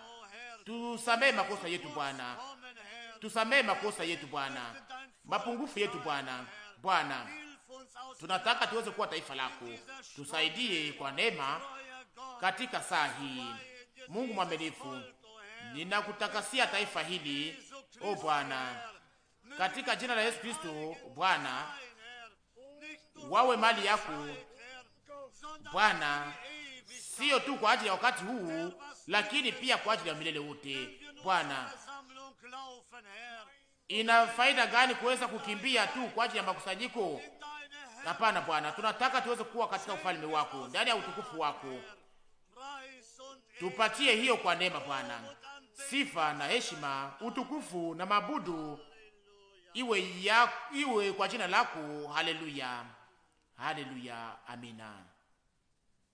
tusamee makosa yetu Bwana, tusamee makosa yetu Bwana, mapungufu yetu Bwana. Bwana, tunataka tuweze kuwa taifa lako, tusaidie kwa neema katika saa hii. Mungu mwaminifu, ninakutakasia taifa hili, o Bwana katika jina la Yesu Kristo Bwana, wawe mali yako Bwana, siyo tu kwa ajili ya wakati huu, lakini pia kwa ajili ya milele wote Bwana. Ina faida gani kuweza kukimbia tu kwa ajili ya makusanyiko? Hapana Bwana, tunataka tuweze kuwa katika ufalme wako, ndani ya utukufu wako. Tupatie hiyo kwa neema Bwana, sifa na heshima, utukufu na mabudu iwe, ya, iwe kwa jina lako. Haleluya, haleluya, amina.